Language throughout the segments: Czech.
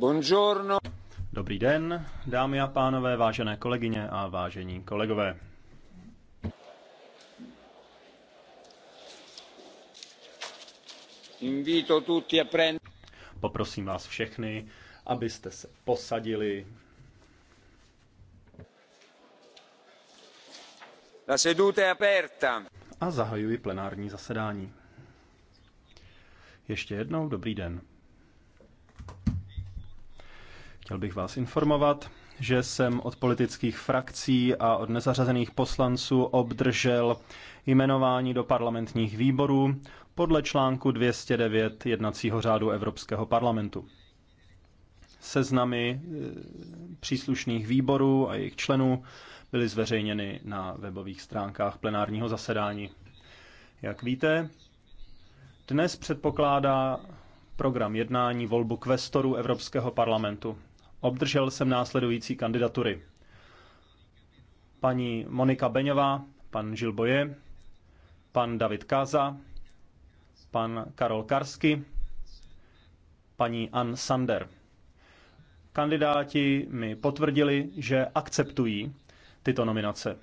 Buongiorno. Dobrý den, dámy a pánové, vážené kolegyně a vážení kolegové. Invito tutti a prend... Poprosím vás všechny, abyste se posadili. La seduta è aperta. A zahajuji plenární zasedání. Ještě jednou dobrý den. Chtěl bych vás informovat, že jsem od politických frakcí a od nezařazených poslanců obdržel jmenování do parlamentních výborů podle článku 209 jednacího řádu Evropského parlamentu. Seznamy eh, příslušných výborů a jejich členů byly zveřejněny na webových stránkách plenárního zasedání. Jak víte, dnes předpokládá program jednání volbu kvestorů Evropského parlamentu. Obdržel jsem následující kandidatury. Paní Monika Beňová, pan Žil Boje, pan David Káza, pan Karol Karsky, paní Ann Sander. Kandidáti mi potvrdili, že akceptují tyto nominace.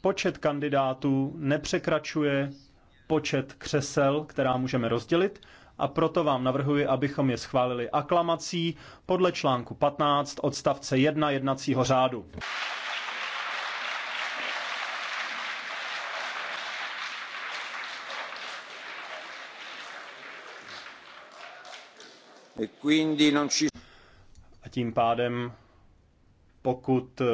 Počet kandidátů nepřekračuje počet křesel, která můžeme rozdělit, a proto vám navrhuji, abychom je schválili aklamací podle článku 15 odstavce 1 jednacího řádu. E a tím pádem, pokud eh,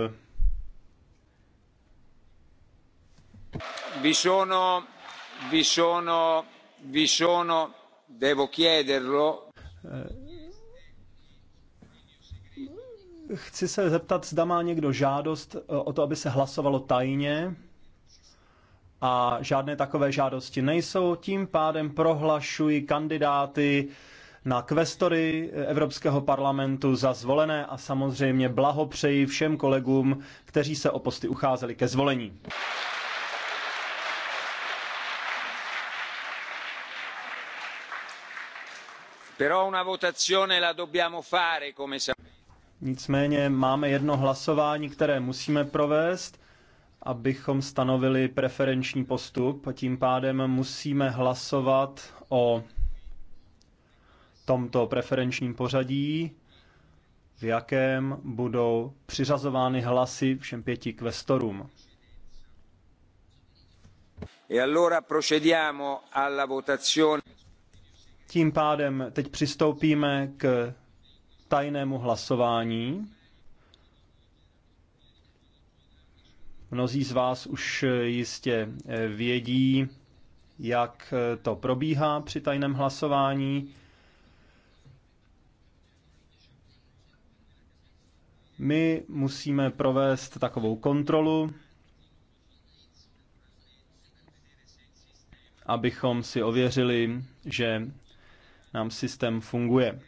vy sono, vy sono, vy sono Chci se zeptat, zda má někdo žádost eh, o to, aby se hlasovalo tajně. A žádné takové žádosti nejsou. Tím pádem prohlašuji kandidáty na kvestory Evropského parlamentu za zvolené a samozřejmě blahopřeji všem kolegům, kteří se o posty ucházeli ke zvolení. Nicméně máme jedno hlasování, které musíme provést, abychom stanovili preferenční postup. A tím pádem musíme hlasovat o tomto preferenčním pořadí, v jakém budou přiřazovány hlasy všem pěti kvestorům. E allora procediamo alla votazione. Tím pádem teď přistoupíme k tajnému hlasování. Mnozí z vás už jistě eh, vědí, jak eh, to probíhá při tajném hlasování. My musíme provést takovou kontrolu, abychom si ověřili, že nám systém funguje.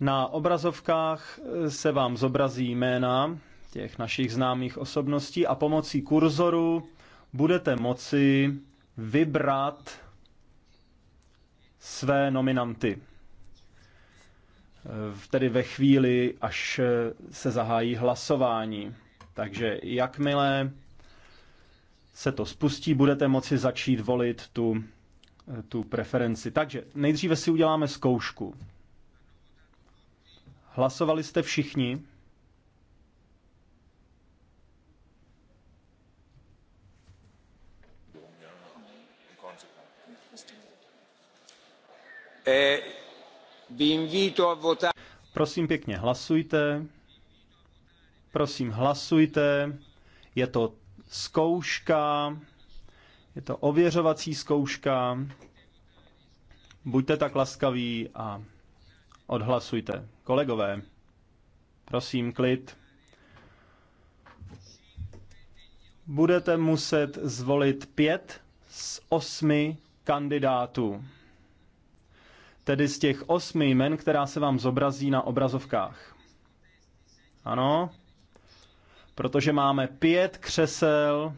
Na obrazovkách se vám zobrazí jména těch našich známých osobností a pomocí kurzoru budete moci vybrat své nominanty. Tedy ve chvíli, až se zahájí hlasování. Takže jakmile se to spustí, budete moci začít volit tu Eh, tu preferenci. Takže nejdříve si uděláme zkoušku. Hlasovali jste všichni? Eh, Prosím pěkně, hlasujte. Prosím, hlasujte. Je to zkouška. Je to ověřovací zkouška. Buďte tak laskaví a odhlasujte. Kolegové, prosím, klid. Budete muset zvolit pět z osmi kandidátů. Tedy z těch osmi jmen, která se vám zobrazí na obrazovkách. Ano, protože máme pět křesel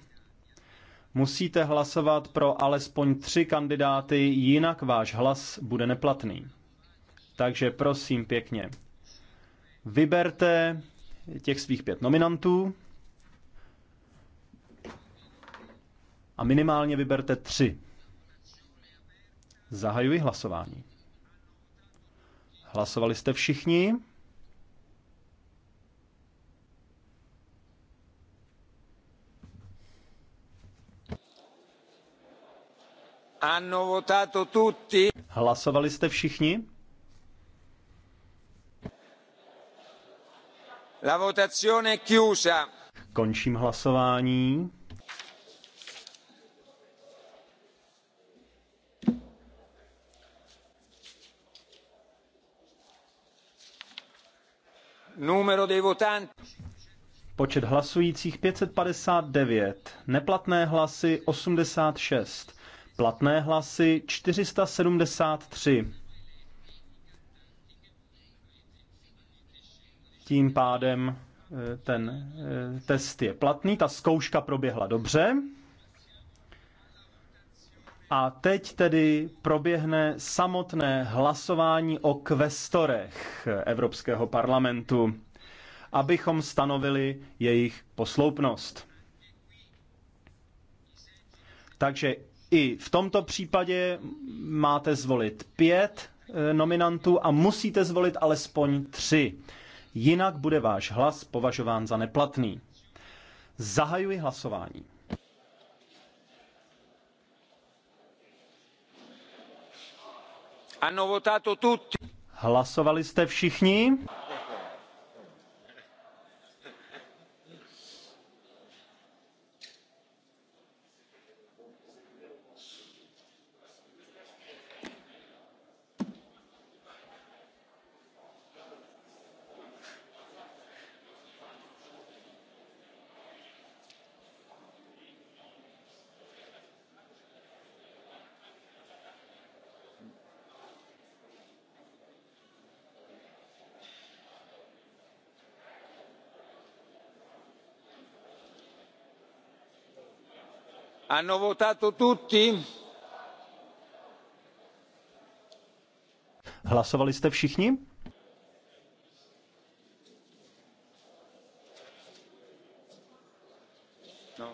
Musíte hlasovat pro alespoň tři kandidáty, jinak váš hlas bude neplatný. Takže prosím pěkně, vyberte těch svých pět nominantů a minimálně vyberte tři. Zahajuji hlasování. Hlasovali jste všichni? Hlasovali jste všichni? La votazione è chiusa. Končím hlasování. Numero dei votanti. Počet hlasujících 559, neplatné hlasy 86. Platné hlasy 473. Tím pádem eh, ten eh, test je platný, ta zkouška proběhla dobře. A teď tedy proběhne samotné hlasování o kvestorech Evropského parlamentu, abychom stanovili jejich posloupnost. Takže i v tomto případě máte zvolit pět e, nominantů a musíte zvolit alespoň tři. Jinak bude váš hlas považován za neplatný. Zahajuji hlasování. Hlasovali jste všichni? hanno votato tutti? Hlasovali jste všichni? No.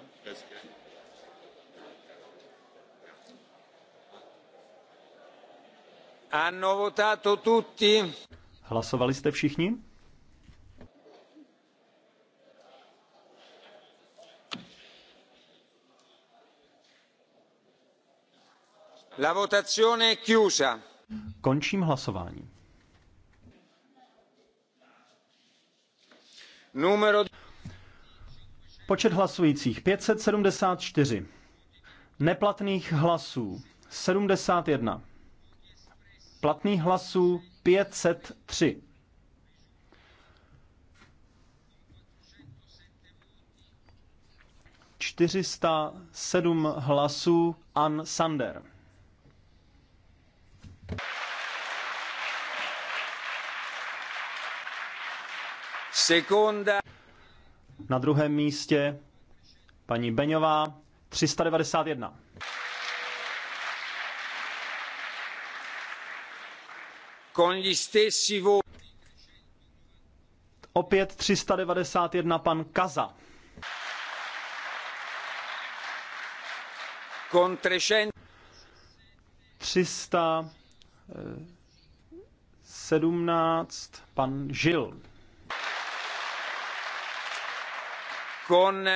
Hanno votato tutti? Hlasovali jste všichni? Končím hlasování. Numero... Počet hlasujících 574. Neplatných hlasů 71. Platných hlasů 503. Čtyřista sedm hlasů Ann Sander. Sekunda. Na druhém místě paní Beňová 391. Con gli stessi voti. Opět 391 pan Kaza. Con 300... 300 17, pan Žil. Kon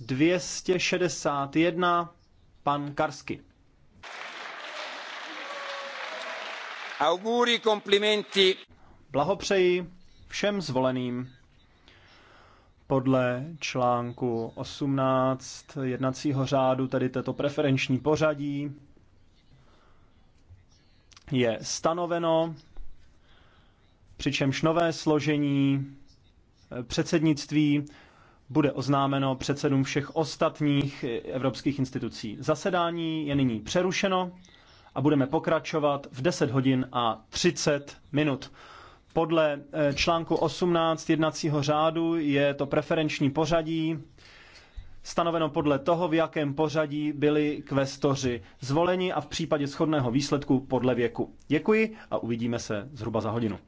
261, pan Karsky. Auguri, komplimenti. Blahopřeji všem zvoleným podle článku 18 jednacího řádu, tedy této preferenční pořadí, je stanoveno, přičemž nové složení eh, předsednictví bude oznámeno předsedům všech ostatních eh, evropských institucí. Zasedání je nyní přerušeno a budeme pokračovat v 10 hodin a 30 minut. Podle eh, článku 18 jednacího řádu je to preferenční pořadí stanoveno podle toho, v jakém pořadí byli kvestoři zvoleni a v případě shodného výsledku podle věku. Děkuji a uvidíme se zhruba za hodinu.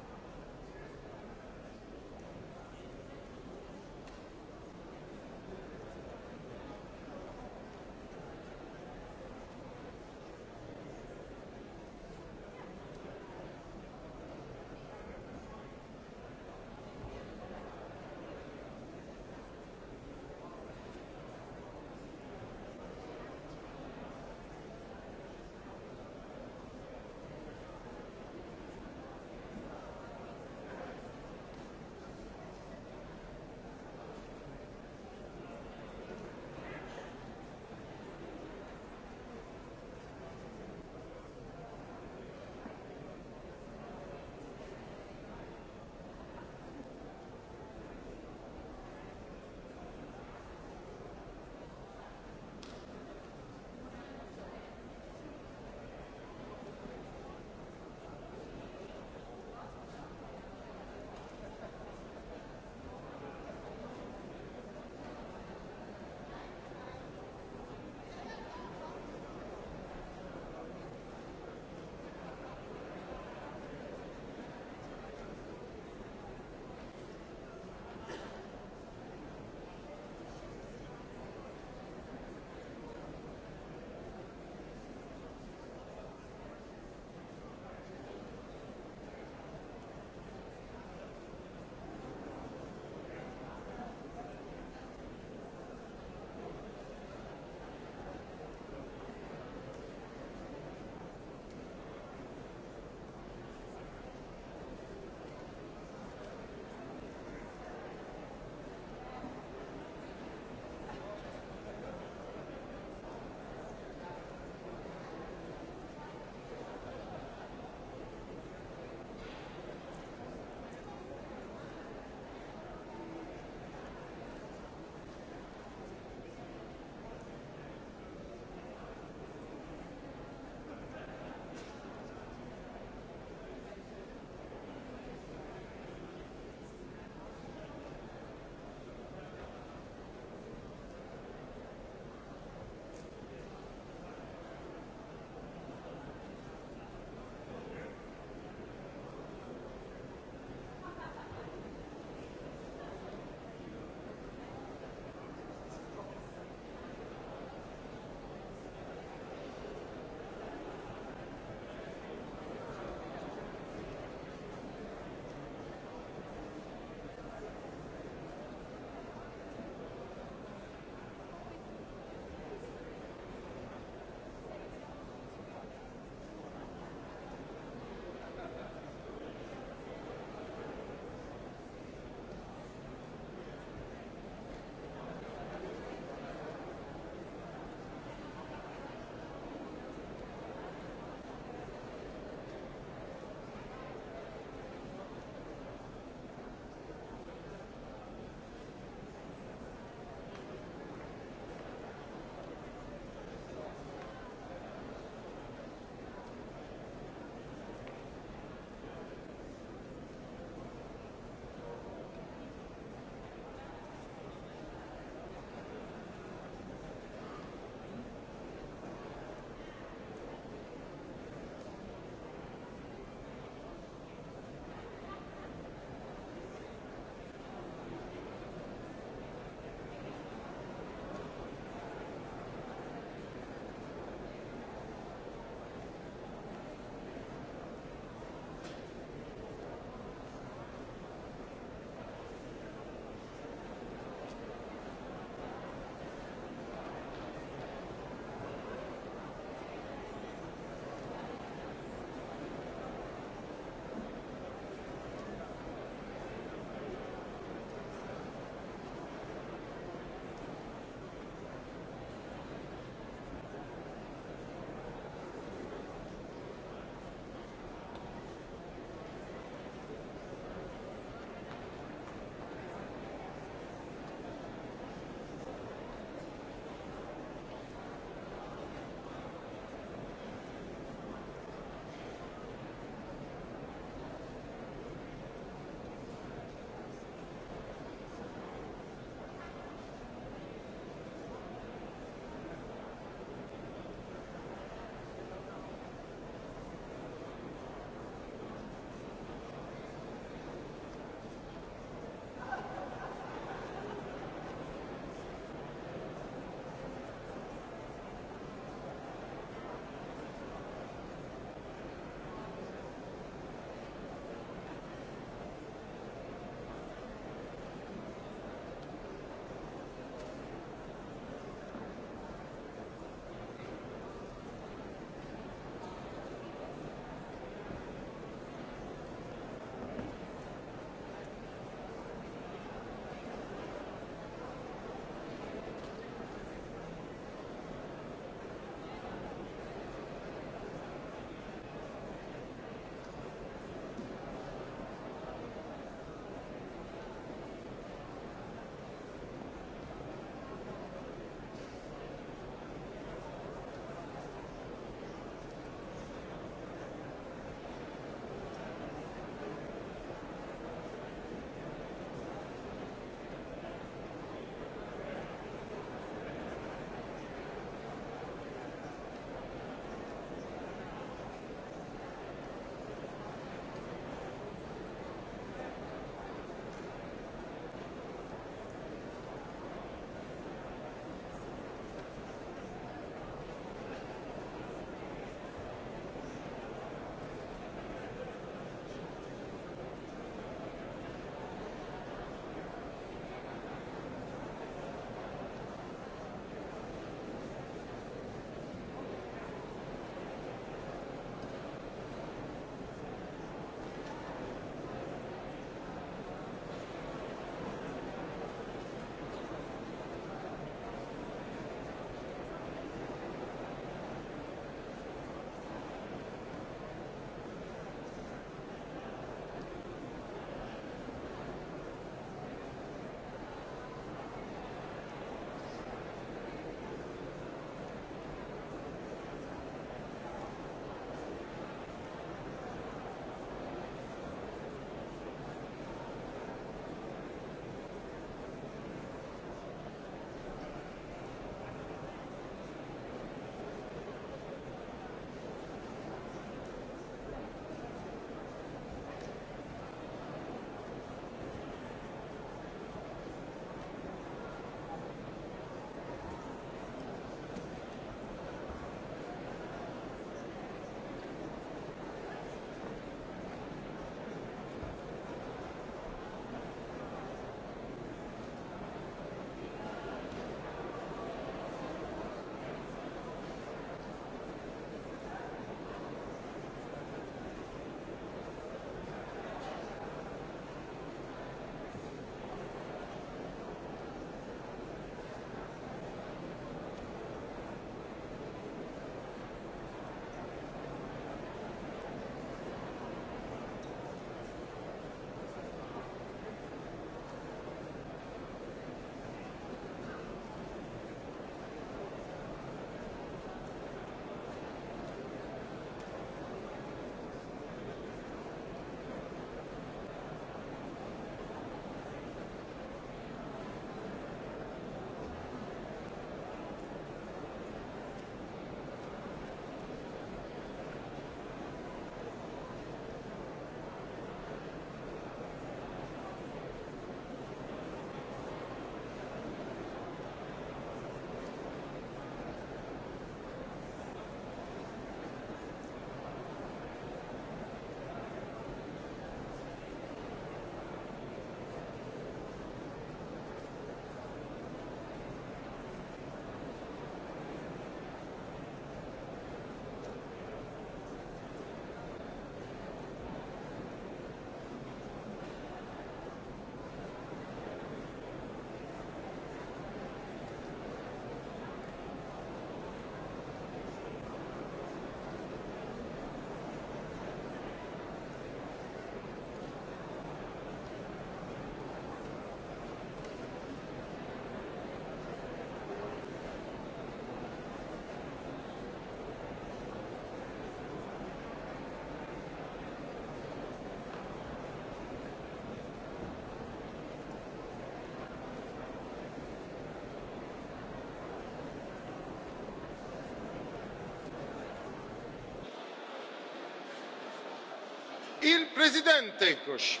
il presidente eccoci.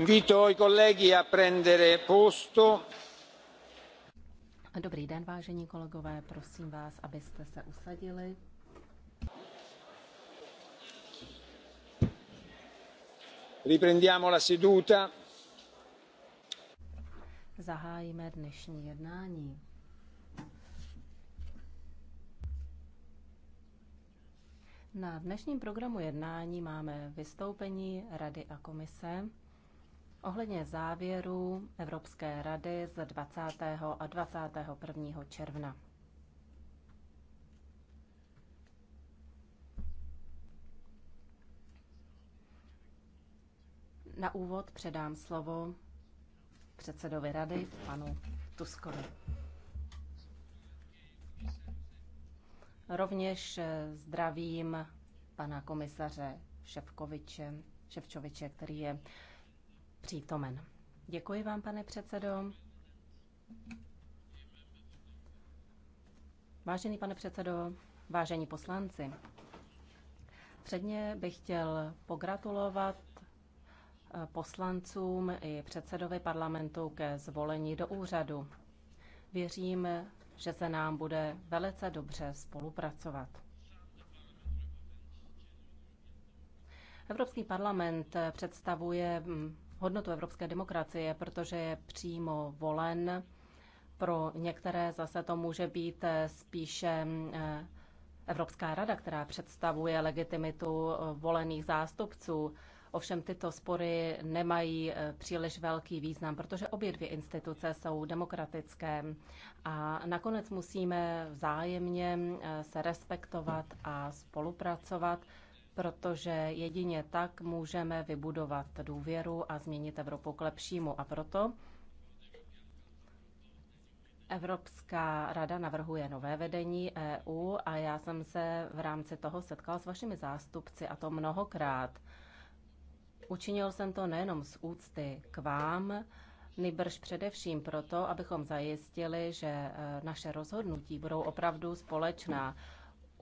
Invito i colleghi a prendere posto. Dobrý den, vážení kolegové, prosím vás, abyste se usadili. Riprendiamo la seduta. Zahájíme dnešní jednání. Na dnešním programu jednání máme vystoupení Rady a komise ohledně závěru Evropské rady z 20. a 21. června. Na úvod předám slovo předsedovi rady, panu Tuskovi. Rovněž zdravím pana komisaře Ševkoviče, Ševčoviče, který je přítomen. Děkuji vám, pane předsedo. Vážený pane předsedo, vážení poslanci, předně bych chtěl pogratulovat eh, poslancům i předsedovi parlamentu ke zvolení do úřadu. Věřím, že se nám bude velice dobře spolupracovat. Evropský parlament eh, představuje mm, hodnotu evropské demokracie, protože je přímo volen. Pro některé zase to může být eh, spíše eh, Evropská rada, která představuje legitimitu eh, volených zástupců. Ovšem tyto spory nemají příliš velký význam, protože obě dvě instituce jsou demokratické a nakonec musíme vzájemně se respektovat a spolupracovat protože jedině tak můžeme vybudovat důvěru a změnit Evropu k lepšímu. A proto Evropská rada navrhuje nové vedení EU a já jsem se v rámci toho setkal s vašimi zástupci a to mnohokrát. Učinil jsem to nejenom z úcty k vám, nejbrž především proto, abychom zajistili, že e, naše rozhodnutí budou opravdu společná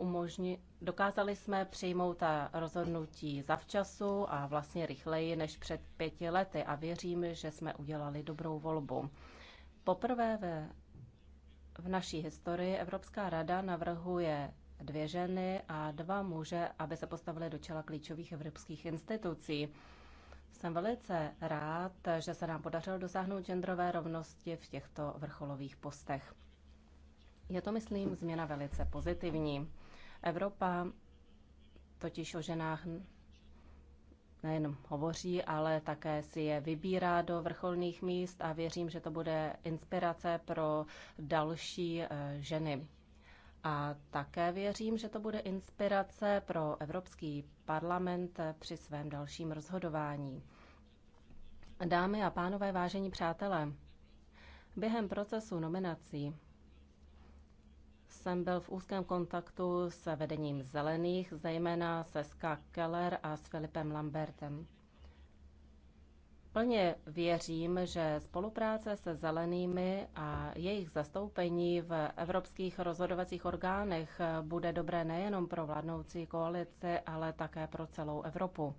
umožni, dokázali jsme přijmout ta rozhodnutí zavčasu a vlastně rychleji než před pěti lety a věřím, že jsme udělali dobrou volbu. Poprvé ve, v naší historii Evropská rada navrhuje dvě ženy a dva muže, aby se postavili do čela klíčových evropských institucí. Jsem velice rád, že se nám podařilo dosáhnout genderové rovnosti v těchto vrcholových postech. Je to, myslím, změna velice pozitivní. Evropa totiž o ženách nejenom hovoří, ale také si je vybírá do vrcholných míst a věřím, že to bude inspirace pro další eh, ženy. A také věřím, že to bude inspirace pro Evropský parlament eh, při svém dalším rozhodování. Dámy a pánové, vážení přátelé, během procesu nominací jsem byl v úzkém kontaktu se vedením zelených, zejména se Ska Keller a s Filipem Lambertem. Plně věřím, že spolupráce se zelenými a jejich zastoupení v evropských rozhodovacích orgánech bude dobré nejenom pro vládnoucí koalici, ale také pro celou Evropu.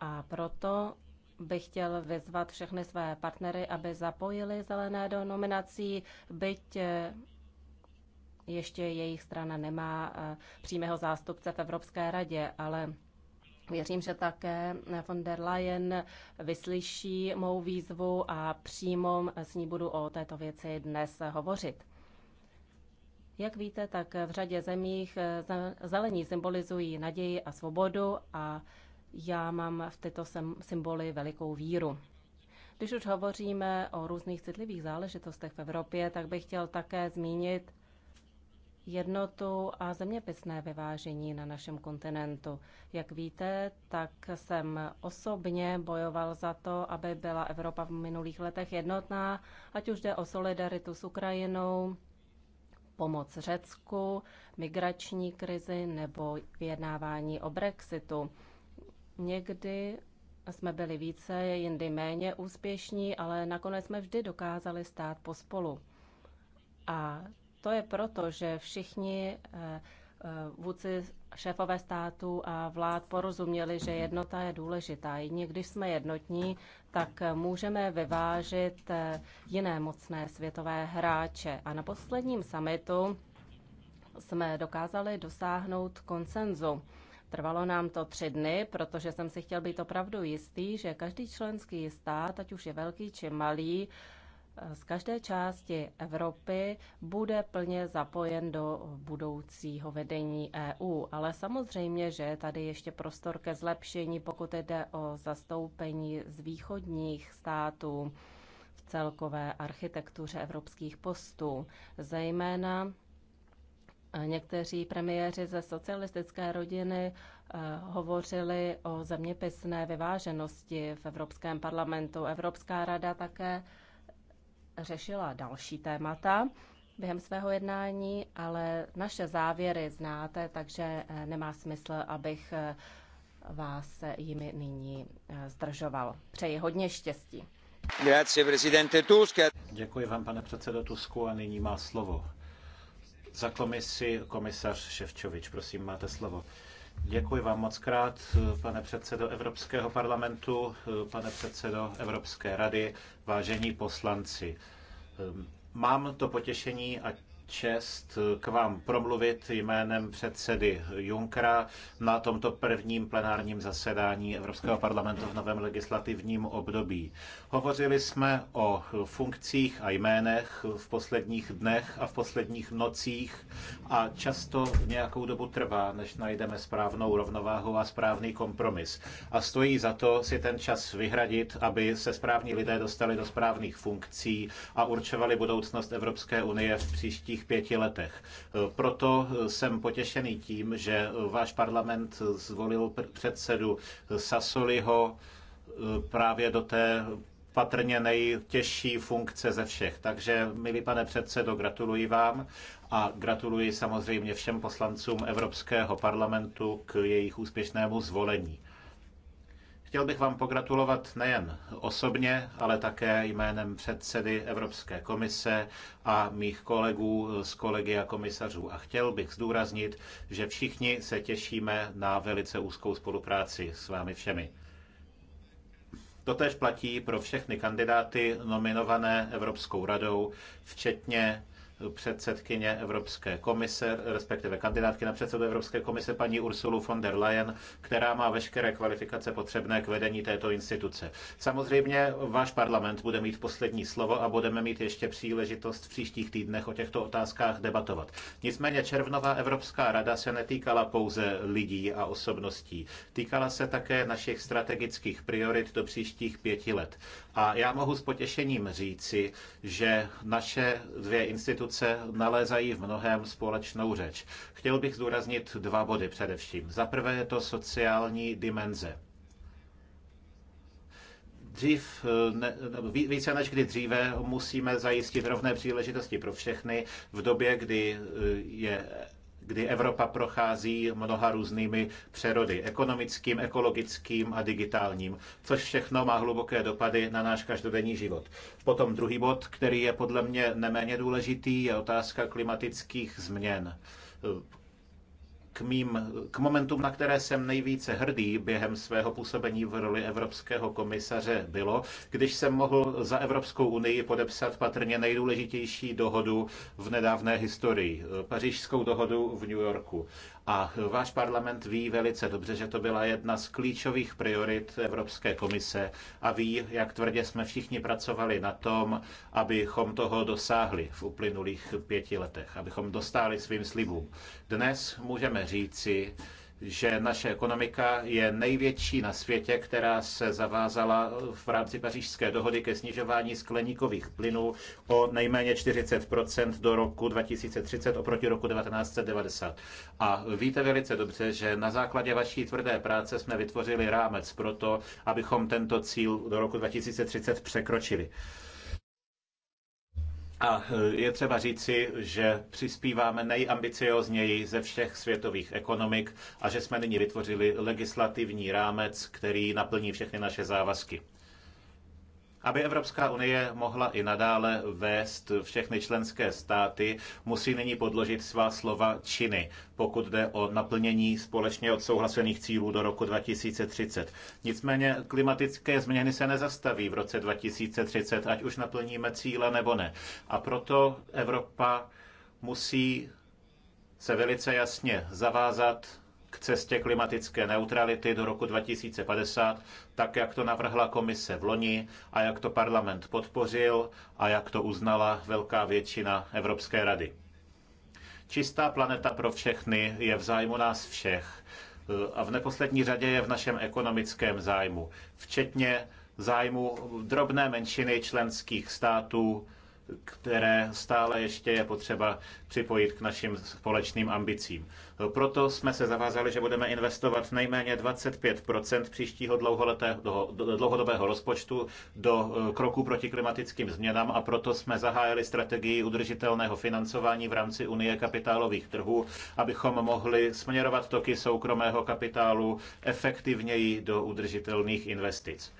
A proto bych chtěl vyzvat všechny své partnery, aby zapojili zelené do nominací, byť ještě jejich strana nemá eh, přímého zástupce v Evropské radě, ale Věřím, že také von der Leyen vyslyší mou výzvu a přímo s ní budu o této věci dnes hovořit. Jak víte, tak v řadě zemích eh, zelení symbolizují naději a svobodu a já mám v tyto symboly velikou víru. Když už hovoříme o různých citlivých záležitostech v Evropě, tak bych chtěl také zmínit jednotu a zeměpisné vyvážení na našem kontinentu. Jak víte, tak jsem osobně bojoval za to, aby byla Evropa v minulých letech jednotná, ať už jde o solidaritu s Ukrajinou, pomoc Řecku, migrační krizi nebo vyjednávání o Brexitu. Někdy jsme byli více, jindy méně úspěšní, ale nakonec jsme vždy dokázali stát pospolu. A to je proto, že všichni eh, eh, vůdci šéfové států a vlád porozuměli, že jednota je důležitá. Jedině když jsme jednotní, tak můžeme vyvážit eh, jiné mocné světové hráče. A na posledním summitu jsme dokázali dosáhnout konsenzu. Trvalo nám to tři dny, protože jsem si chtěl být opravdu jistý, že každý členský stát, ať už je velký či malý, z každé části Evropy bude plně zapojen do budoucího vedení EU. Ale samozřejmě, že je tady ještě prostor ke zlepšení, pokud jde o zastoupení z východních států v celkové architektuře evropských postů, zejména Někteří premiéři ze socialistické rodiny eh, hovořili o zeměpisné vyváženosti v Evropském parlamentu. Evropská rada také řešila další témata během svého jednání, ale naše závěry znáte, takže eh, nemá smysl, abych eh, vás jimi nyní eh, zdržoval. Přeji hodně štěstí. Děkuji vám, pane předsedo Tusku, a nyní má slovo. Za komisi komisař Ševčovič, prosím, máte slovo. Děkuji vám moc krát, pane předsedo Evropského parlamentu, pane předsedo Evropské rady, vážení poslanci. Mám to potěšení a čest k vám promluvit jménem předsedy Junkera na tomto prvním plenárním zasedání Evropského parlamentu v novém legislativním období. Hovořili jsme o funkcích a jménech v posledních dnech a v posledních nocích a často nějakou dobu trvá, než najdeme správnou rovnováhu a správný kompromis. A stojí za to si ten čas vyhradit, aby se správní lidé dostali do správných funkcí a určovali budoucnost Evropské unie v příštích příštích pěti letech. E, proto e, jsem potěšený tím, že e, váš parlament zvolil předsedu Sasoliho právě do té patrně nejtěžší funkce ze všech. Takže, milý pane předsedo, gratuluji vám a gratuluji samozřejmě všem poslancům Evropského parlamentu k jejich úspěšnému zvolení. Chtěl bych vám pogratulovat nejen osobně, ale také jménem předsedy Evropské komise a mých kolegů z kolegy a komisařů. A chtěl bych zdůraznit, že všichni se těšíme na velice úzkou spolupráci s vámi všemi. Totež platí pro všechny kandidáty nominované Evropskou radou, včetně předsedkyně Evropské komise, respektive kandidátky na předsedu Evropské komise paní Ursulu von der Leyen, která má veškeré kvalifikace potřebné k vedení této instituce. Samozřejmě váš parlament bude mít poslední slovo a budeme mít ještě příležitost v příštích týdnech o těchto otázkách debatovat. Nicméně červnová Evropská rada se netýkala pouze lidí a osobností. Týkala se také našich strategických priorit do příštích pěti let. A já mohu s potěšením říci, že naše dvě instituce nalézají v mnohem společnou řeč. Chtěl bych zdůraznit dva body především. Za prvé je to sociální dimenze dřív, ne, více než kdy dříve, musíme zajistit rovné příležitosti pro všechny v době, kdy eh, je kdy Evropa prochází mnoha různými přerody, ekonomickým, ekologickým a digitálním, což všechno má hluboké dopady na náš každodenní život. Potom druhý bod, který je podle mě neméně důležitý, je otázka klimatických změn k, mým, k momentům, na které jsem nejvíce hrdý během svého působení v roli evropského komisaře, bylo, když jsem mohl za Evropskou unii podepsat patrně nejdůležitější dohodu v nedávné historii, pařížskou dohodu v New Yorku. A váš parlament ví velice dobře, že to byla jedna z klíčových priorit Evropské komise a ví, jak tvrdě jsme všichni pracovali na tom, abychom toho dosáhli v uplynulých pěti letech, abychom dostali svým slibům. Dnes můžeme říci, že naše ekonomika je největší na světě, která se zavázala v rámci pařížské dohody ke snižování skleníkových plynů o nejméně 40 do roku 2030 oproti roku 1990. A víte velice dobře, že na základě vaší tvrdé práce jsme vytvořili rámec pro to, abychom tento cíl do roku 2030 překročili. A eh, je třeba říci, že přispíváme nejambiciozněji ze všech světových ekonomik a že jsme nyní vytvořili legislativní rámec, který naplní všechny naše závazky. Aby Evropská unie mohla i nadále vést všechny členské státy, musí nyní podložit svá slova činy, pokud jde o naplnění společně odsouhlasených cílů do roku 2030. Nicméně klimatické změny se nezastaví v roce 2030, ať už naplníme cíle nebo ne. A proto Evropa musí se velice jasně zavázat k cestě klimatické neutrality do roku 2050, tak jak to navrhla komise v loni a jak to parlament podpořil a jak to uznala velká většina Evropské rady. Čistá planeta pro všechny je v zájmu nás všech eh, a v neposlední řadě je v našem ekonomickém zájmu, včetně zájmu drobné menšiny členských států, které stále ještě je potřeba připojit k našim společným ambicím. Proto jsme se zavázali, že budeme investovat nejméně 25 příštího dlouhodobého rozpočtu do eh, kroku proti klimatickým změnám a proto jsme zahájili strategii udržitelného financování v rámci Unie kapitálových trhů, abychom mohli směrovat toky soukromého kapitálu efektivněji do udržitelných investic.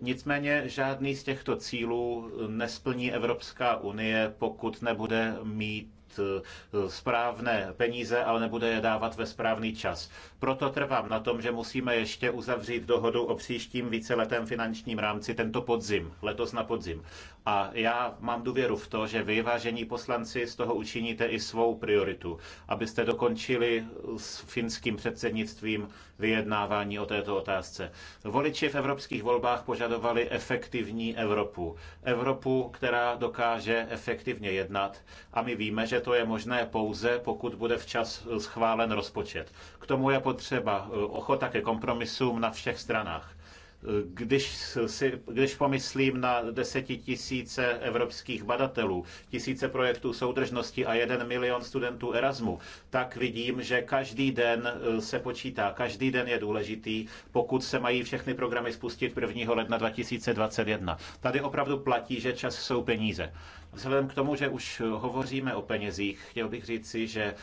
Nicméně žádný z těchto cílů nesplní Evropská unie, pokud nebude mít eh, správné peníze, ale nebude je dávat ve správný čas. Proto trvám na tom, že musíme ještě uzavřít dohodu o příštím víceletém finančním rámci tento podzim, letos na podzim. A já mám důvěru v to, že vy, vážení poslanci, z toho učiníte i svou prioritu, abyste dokončili s finským předsednictvím vyjednávání o této otázce. Voliči v evropských volbách požadovali efektivní Evropu. Evropu, která dokáže efektivně jednat. A my víme, že to je možné pouze, pokud bude včas schválen rozpočet. K tomu je potřeba eh, ochota ke kompromisům na všech stranách. Když, si, když pomyslím na desetitisíce evropských badatelů, tisíce projektů soudržnosti a jeden milion studentů Erasmu, tak vidím, že každý den eh, se počítá, každý den je důležitý, pokud se mají všechny programy spustit 1. ledna 2021. Tady opravdu platí, že čas jsou peníze. Vzhledem k tomu, že už hovoříme o penězích, chtěl bych říci, že eh,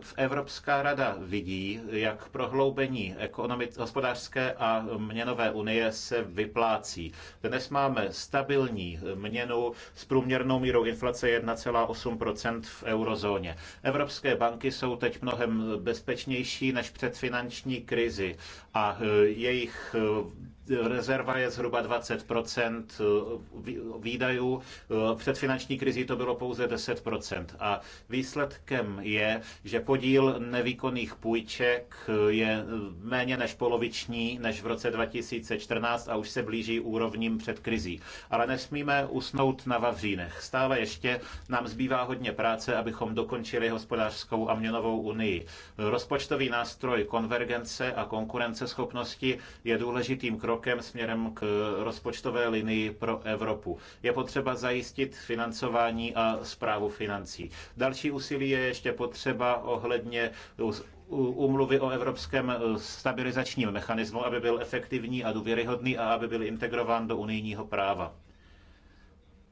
v Evropská rada vidí, jak prohloubení ekonomic, hospodářské a měnové unie se vyplácí. Dnes máme stabilní měnu s průměrnou mírou inflace 1,8 v eurozóně. Evropské banky jsou teď mnohem bezpečnější než před finanční krizi a eh, jejich eh, rezerva je zhruba 20 eh, výdajů. Eh, před finanční krizí to bylo pouze 10 A výsledkem je, že podíl nevýkonných půjček eh, je méně než poloviční než v roce 2014 a už se blíží úrovním před krizí. Ale nesmíme usnout na Vavřínech. Stále ještě nám zbývá hodně práce, abychom dokončili hospodářskou a měnovou unii. Rozpočtový nástroj konvergence a konkurenceschopnosti je důležitým krokem krokem směrem k rozpočtové linii pro Evropu. Je potřeba zajistit financování a zprávu financí. Další úsilí je ještě potřeba ohledně úmluvy o evropském eh, stabilizačním mechanismu, aby byl efektivní a důvěryhodný a aby byl integrován do unijního práva.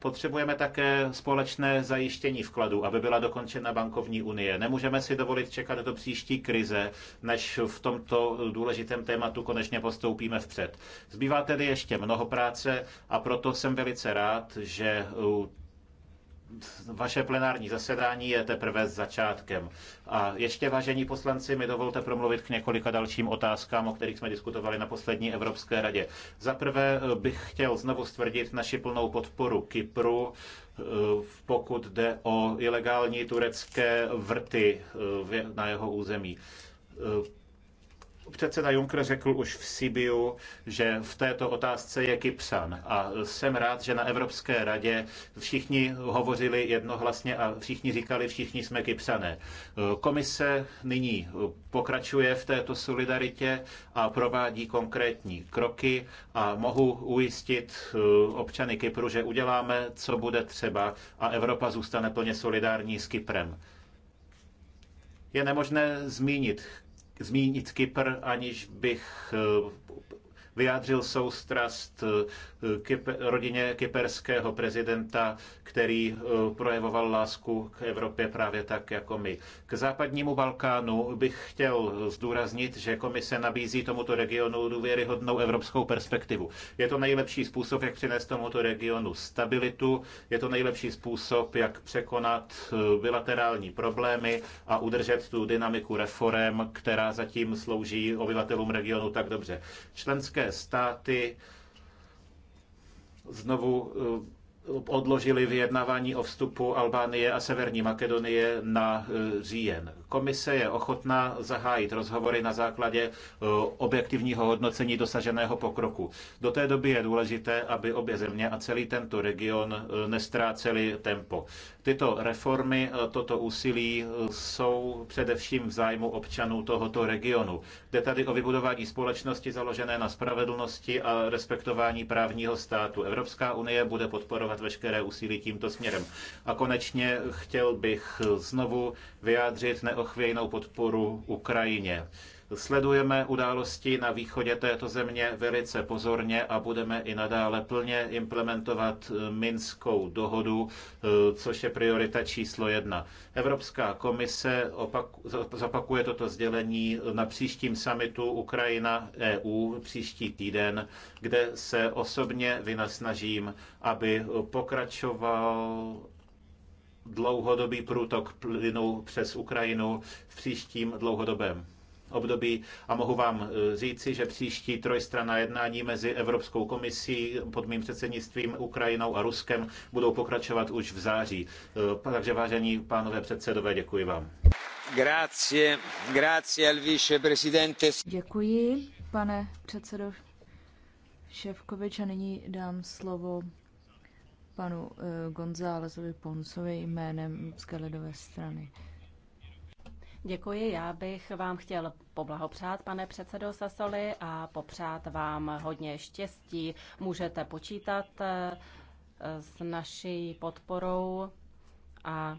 Potřebujeme také společné zajištění vkladů, aby byla dokončena bankovní unie. Nemůžeme si dovolit čekat do příští krize, než v tomto důležitém tématu konečně postoupíme vpřed. Zbývá tedy ještě mnoho práce a proto jsem velice rád, že vaše plenární zasedání je teprve začátkem. A ještě, vážení poslanci, mi dovolte promluvit k několika dalším otázkám, o kterých jsme diskutovali na poslední Evropské radě. Za prvé bych chtěl znovu stvrdit naši plnou podporu Kypru, eh, pokud jde o ilegální turecké vrty eh, na jeho území eh, Předseda Juncker řekl už v Sibiu, že v této otázce je Kypsan. A jsem rád, že na Evropské radě všichni hovořili jednohlasně a všichni říkali, všichni jsme Kypsané. Komise nyní pokračuje v této solidaritě a provádí konkrétní kroky a mohu ujistit eh, občany Kypru, že uděláme, co bude třeba a Evropa zůstane plně solidární s Kyprem. Je nemožné zmínit zmínit Kypr, aniž bych eh, vyjádřil soustrast eh, rodině kyperského prezidenta, který eh, projevoval lásku k Evropě právě tak jako my. K západnímu Balkánu bych chtěl zdůraznit, že komise nabízí tomuto regionu důvěryhodnou evropskou perspektivu. Je to nejlepší způsob, jak přinést tomuto regionu stabilitu, je to nejlepší způsob, jak překonat eh, bilaterální problémy a udržet tu dynamiku reform, která zatím slouží obyvatelům regionu tak dobře. Členské státy znovu eh, odložili vyjednávání o vstupu Albánie a Severní Makedonie na eh, říjen. Komise je ochotná zahájit rozhovory na základě e, objektivního hodnocení dosaženého pokroku. Do té doby je důležité, aby obě země a celý tento region e, nestráceli tempo. Tyto reformy, e, toto úsilí jsou především v zájmu občanů tohoto regionu. Jde tady o vybudování společnosti založené na spravedlnosti a respektování právního státu. Evropská unie bude podporovat veškeré úsilí tímto směrem. A konečně chtěl bych znovu vyjádřit ne ochvějnou podporu Ukrajině. Sledujeme události na východě této země velice pozorně a budeme i nadále plně implementovat Minskou dohodu, eh, což je priorita číslo jedna. Evropská komise opaku- zapakuje toto sdělení na příštím summitu Ukrajina-EU příští týden, kde se osobně vynasnažím, aby pokračoval dlouhodobý průtok plynu přes Ukrajinu v příštím dlouhodobém období a mohu vám e, říci, že příští trojstranná jednání mezi Evropskou komisí pod mým předsednictvím, Ukrajinou a Ruskem budou pokračovat už v září. E, takže vážení pánové předsedové, děkuji vám. Grazie, grazie al Presidente. Děkuji, pane předsedo Ševkovič, a nyní dám slovo panu eh, Gonzálezovi Ponsovi jménem Evropské lidové strany. Děkuji, já bych vám chtěl poblahopřát, pane předsedo Sasoli, a popřát vám hodně štěstí. Můžete počítat eh, s naší podporou a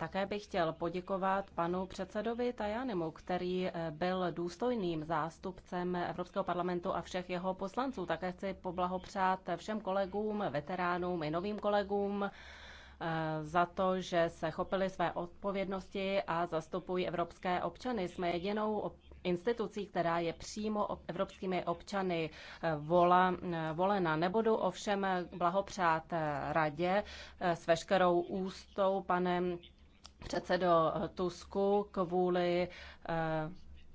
také bych chtěl poděkovat panu předsedovi Tajanemu, který eh, byl důstojným zástupcem Evropského parlamentu a všech jeho poslanců. Také chci poblahopřát všem kolegům, veteránům i novým kolegům eh, za to, že se chopili své odpovědnosti a zastupují evropské občany. Jsme jedinou institucí, která je přímo evropskými občany eh, vola, volena. Nebudu ovšem blahopřát radě s veškerou ústou panem předsedo Tusku kvůli eh,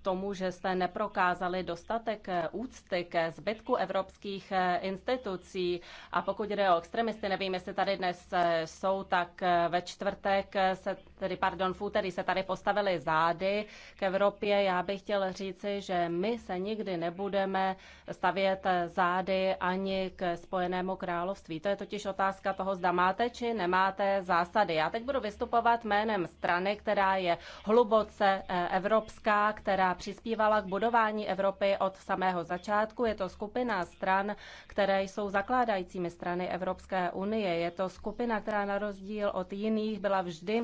tomu, že jste neprokázali dostatek eh, úcty ke zbytku evropských eh, institucí. A pokud jde o extremisty, nevím, jestli tady dnes eh, jsou, tak ve čtvrtek, se, tedy pardon, v úterý se tady postavili zády k Evropě. Já bych chtěl říci, že my se nikdy nebudeme stavět zády ani k Spojenému království. To je totiž otázka toho, zda máte či nemáte zásady. Já teď budu vystupovat jménem strany, která je hluboce evropská, která přispívala k budování Evropy od samého začátku. Je to skupina stran, které jsou zakládajícími strany Evropské unie. Je to skupina, která na rozdíl od jiných byla vždy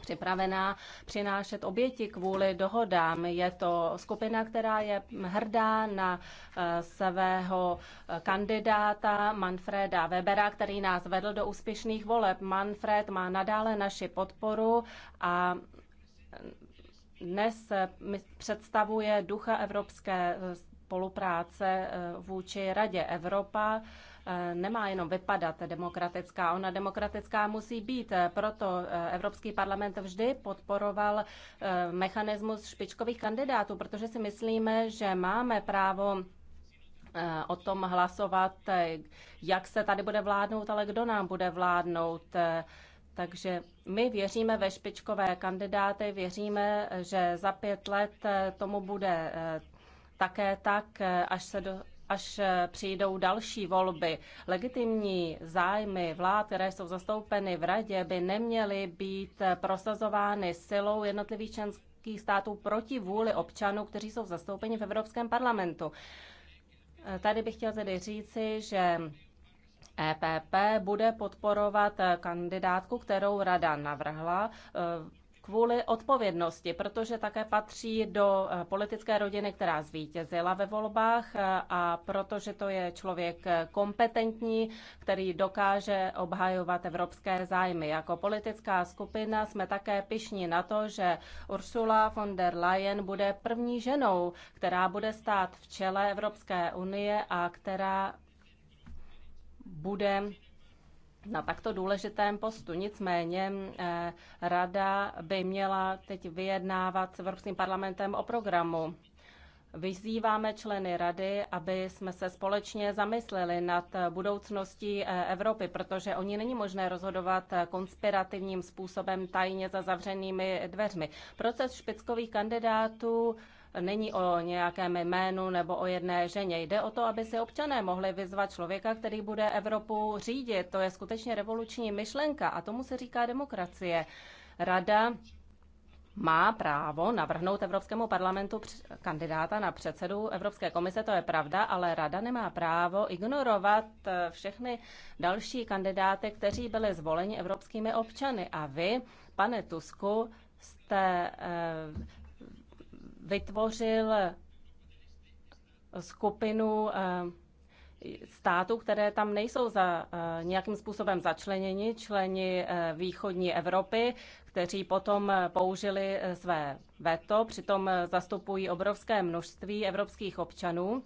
připravená přinášet oběti kvůli dohodám. Je to skupina, která je hrdá na eh, svého eh, kandidáta Manfreda Webera, který nás vedl do úspěšných voleb. Manfred má nadále naši podporu a dnes eh, představuje ducha evropské eh, spolupráce eh, vůči Radě Evropa nemá jenom vypadat demokratická, ona demokratická musí být. Proto Evropský parlament vždy podporoval mechanismus špičkových kandidátů, protože si myslíme, že máme právo o tom hlasovat, jak se tady bude vládnout, ale kdo nám bude vládnout. Takže my věříme ve špičkové kandidáty, věříme, že za pět let eh, tomu bude eh, také tak, eh, až se do, až přijdou další volby. Legitimní zájmy vlád, které jsou zastoupeny v radě, by neměly být prosazovány silou jednotlivých členských států proti vůli občanů, kteří jsou zastoupeni v Evropském parlamentu. Tady bych chtěl tedy říci, že EPP bude podporovat eh, kandidátku, kterou rada navrhla eh, kvůli odpovědnosti, protože také patří do eh, politické rodiny, která zvítězila ve volbách a protože to je člověk kompetentní, který dokáže obhajovat evropské zájmy. Jako politická skupina jsme také pišní na to, že Ursula von der Leyen bude první ženou, která bude stát v čele Evropské unie a která bude na takto důležitém postu. Nicméně eh, rada by měla teď vyjednávat s Evropským parlamentem o programu. Vyzýváme členy rady, aby jsme se společně zamysleli nad budoucností eh, Evropy, protože oni není možné rozhodovat eh, konspirativním způsobem tajně za zavřenými dveřmi. Proces špickových kandidátů není o nějakém jménu nebo o jedné ženě. Jde o to, aby si občané mohli vyzvat člověka, který bude Evropu řídit. To je skutečně revoluční myšlenka a tomu se říká demokracie. Rada má právo navrhnout Evropskému parlamentu kandidáta na předsedu Evropské komise, to je pravda, ale Rada nemá právo ignorovat eh, všechny další kandidáty, kteří byli zvoleni evropskými občany. A vy, pane Tusku, jste eh, vytvořil eh, skupinu eh, států, které tam nejsou za eh, nějakým způsobem začleněni, členi východní Evropy, kteří potom použili své veto, přitom zastupují obrovské množství evropských občanů.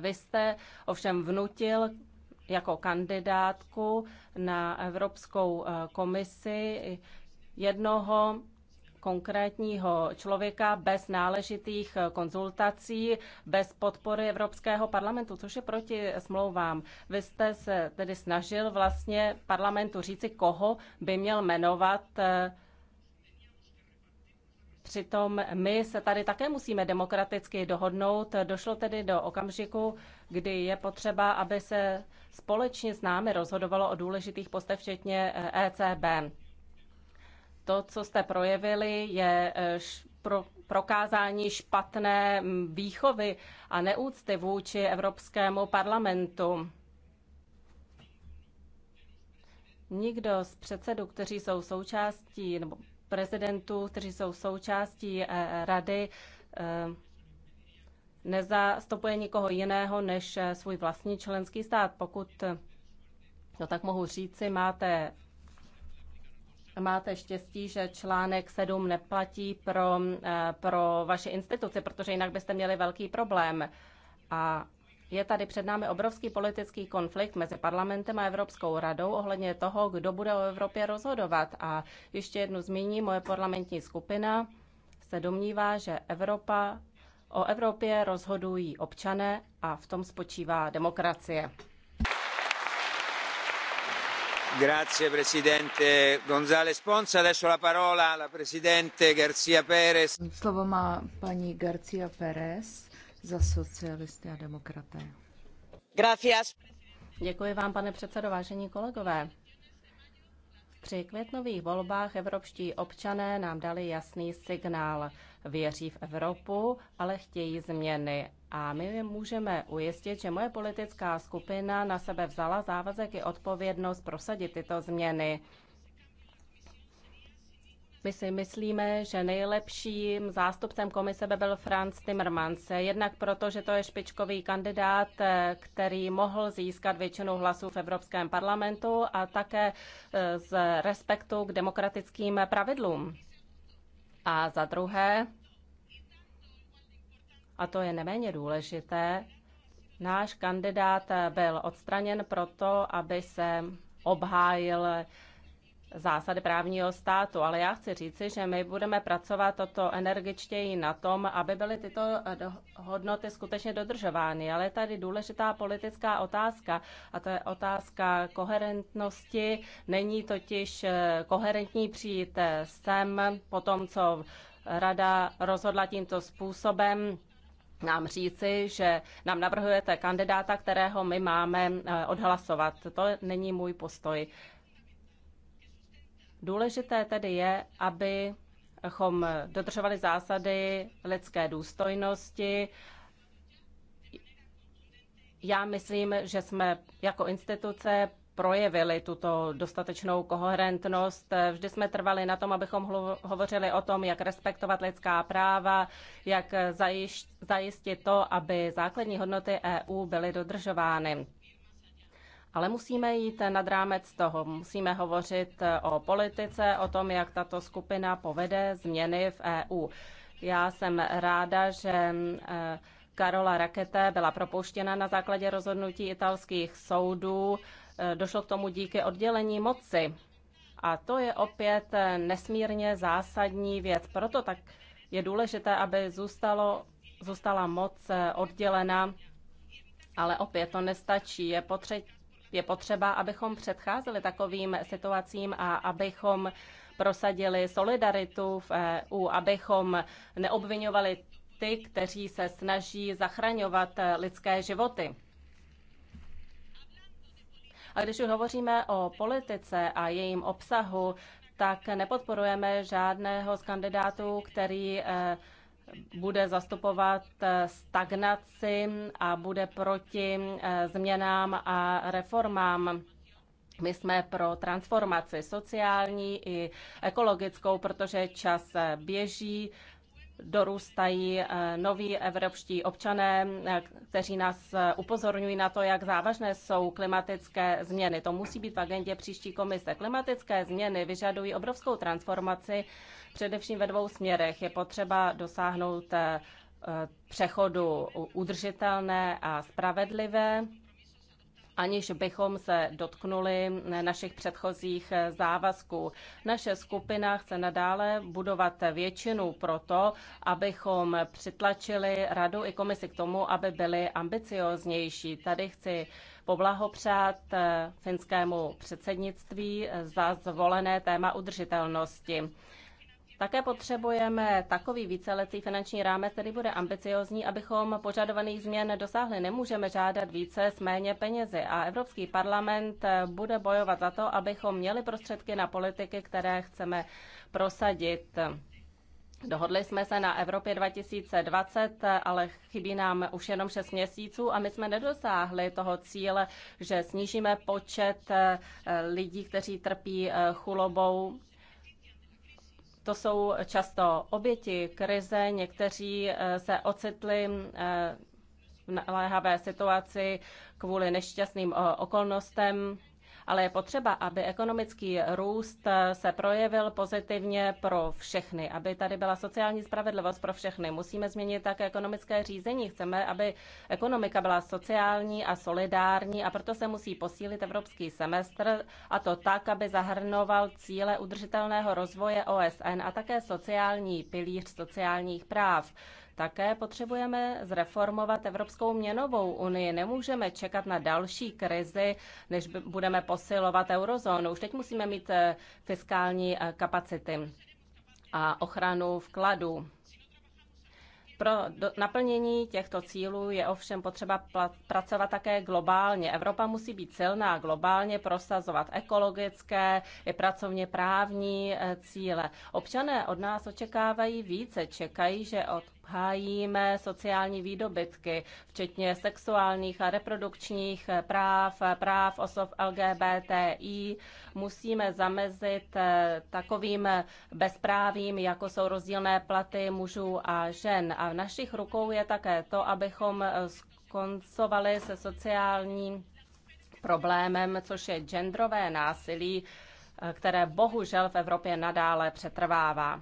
Vy jste ovšem vnutil jako kandidátku na Evropskou komisi jednoho konkrétního člověka bez náležitých konzultací, bez podpory Evropského parlamentu, což je proti smlouvám. Vy jste se tedy snažil vlastně parlamentu říci, koho by měl jmenovat Přitom my se tady také musíme demokraticky dohodnout. Došlo tedy do okamžiku, kdy je potřeba, aby se společně s námi rozhodovalo o důležitých postech, včetně ECB. To, co jste projevili, je e, pro prokázání špatné výchovy a neúcty vůči Evropskému parlamentu. Nikdo z předsedů, kteří jsou součástí, nebo prezidentů, kteří jsou součástí e, e, rady, nezastupuje nikoho jiného než svůj vlastní členský stát. Pokud, no tak mohu říci, máte máte štěstí, že článek 7 neplatí pro, eh, pro vaše instituce, protože jinak byste měli velký problém. A je tady před námi obrovský politický konflikt mezi parlamentem a Evropskou radou ohledně toho, kdo bude o Evropě rozhodovat. A ještě jednu zmíní moje parlamentní skupina se domnívá, že Evropa, o Evropě rozhodují občané a v tom spočívá demokracie. Grazie presidente González Adesso la parola alla presidente García Pérez. Slovo má paní García Pérez za socialisty a demokraté. Gracias. Děkuji vám, pane předsedo, vážení kolegové. Při květnových volbách evropští občané nám dali jasný signál. Věří v Evropu, ale chtějí změny. A my můžeme ujistit, že moje politická skupina na sebe vzala závazek i odpovědnost prosadit tyto změny. My si myslíme, že nejlepším zástupcem komise by byl Franz Timmermans. Jednak proto, že to je špičkový kandidát, eh, který mohl získat většinu hlasů v Evropském parlamentu a také eh, z respektu k demokratickým pravidlům. A za druhé, a to je neméně důležité, náš kandidát byl odstraněn proto, aby se obhájil zásady právního státu, ale já chci říci, že my budeme pracovat toto energičtěji na tom, aby byly tyto hodnoty skutečně dodržovány. Ale je tady důležitá politická otázka a to je otázka koherentnosti. Není totiž eh, koherentní přijít eh, sem po tom, co Rada rozhodla tímto způsobem nám říci, že nám navrhujete kandidáta, kterého my máme eh, odhlasovat. To není můj postoj. Důležité tedy je, abychom dodržovali zásady lidské důstojnosti. Já myslím, že jsme jako instituce projevili tuto dostatečnou koherentnost. Vždy jsme trvali na tom, abychom hovořili o tom, jak respektovat lidská práva, jak zajistit to, aby základní hodnoty EU byly dodržovány. Ale musíme jít nad rámec toho. Musíme hovořit o politice, o tom, jak tato skupina povede změny v EU. Já jsem ráda, že eh, Karola Rakete byla propuštěna na základě rozhodnutí italských soudů. Eh, došlo k tomu díky oddělení moci. A to je opět eh, nesmírně zásadní věc. Proto tak je důležité, aby zůstalo, zůstala moc eh, oddělena, ale opět to nestačí. Je, potře- je potřeba, abychom předcházeli takovým situacím a abychom prosadili solidaritu v EU, abychom neobvinovali ty, kteří se snaží zachraňovat lidské životy. A když už hovoříme o politice a jejím obsahu, tak nepodporujeme žádného z kandidátů, který eh, bude zastupovat eh, stagnaci a bude proti eh, změnám a reformám. My jsme pro transformaci sociální i ekologickou, protože čas běží dorůstají eh, noví evropští občané, eh, kteří nás eh, upozorňují na to, jak závažné jsou klimatické změny. To musí být v agendě příští komise. Klimatické změny vyžadují obrovskou transformaci, především ve dvou směrech. Je potřeba dosáhnout přechodu udržitelné a spravedlivé aniž bychom se dotknuli našich předchozích závazků. Naše skupina chce nadále budovat většinu proto, abychom přitlačili radu i komisi k tomu, aby byly ambicioznější. Tady chci poblahopřát eh, finskému předsednictví za zvolené téma udržitelnosti. Také potřebujeme takový víceletý finanční rámec, který bude ambiciozní, abychom požadovaných změn dosáhli. Nemůžeme žádat více s méně penězi a Evropský parlament bude bojovat za to, abychom měli prostředky na politiky, které chceme prosadit. Dohodli jsme se na Evropě 2020, ale chybí nám už jenom 6 měsíců a my jsme nedosáhli toho cíle, že snížíme počet eh, lidí, kteří trpí eh, chulobou to jsou často oběti krize, někteří eh, se ocitli eh, v naléhavé situaci kvůli nešťastným eh, okolnostem ale je potřeba, aby ekonomický růst se projevil pozitivně pro všechny, aby tady byla sociální spravedlivost pro všechny. Musíme změnit také ekonomické řízení. Chceme, aby ekonomika byla sociální a solidární a proto se musí posílit evropský semestr a to tak, aby zahrnoval cíle udržitelného rozvoje OSN a také sociální pilíř sociálních práv. Také potřebujeme zreformovat Evropskou měnovou unii. Nemůžeme čekat na další krizi, než budeme posilovat eurozónu. Už teď musíme mít eh, fiskální eh, kapacity a ochranu vkladů. Pro naplnění těchto cílů je ovšem potřeba pracovat také globálně. Evropa musí být silná globálně, prosazovat ekologické i pracovně právní eh, cíle. Občané od nás očekávají více, čekají, že od hájíme sociální výdobytky, včetně sexuálních a reprodukčních práv, práv osob LGBTI. Musíme zamezit eh, takovým bezprávím, jako jsou rozdílné platy mužů a žen. A v našich rukou je také to, abychom eh, skoncovali se sociálním problémem, což je genderové násilí, eh, které bohužel v Evropě nadále přetrvává.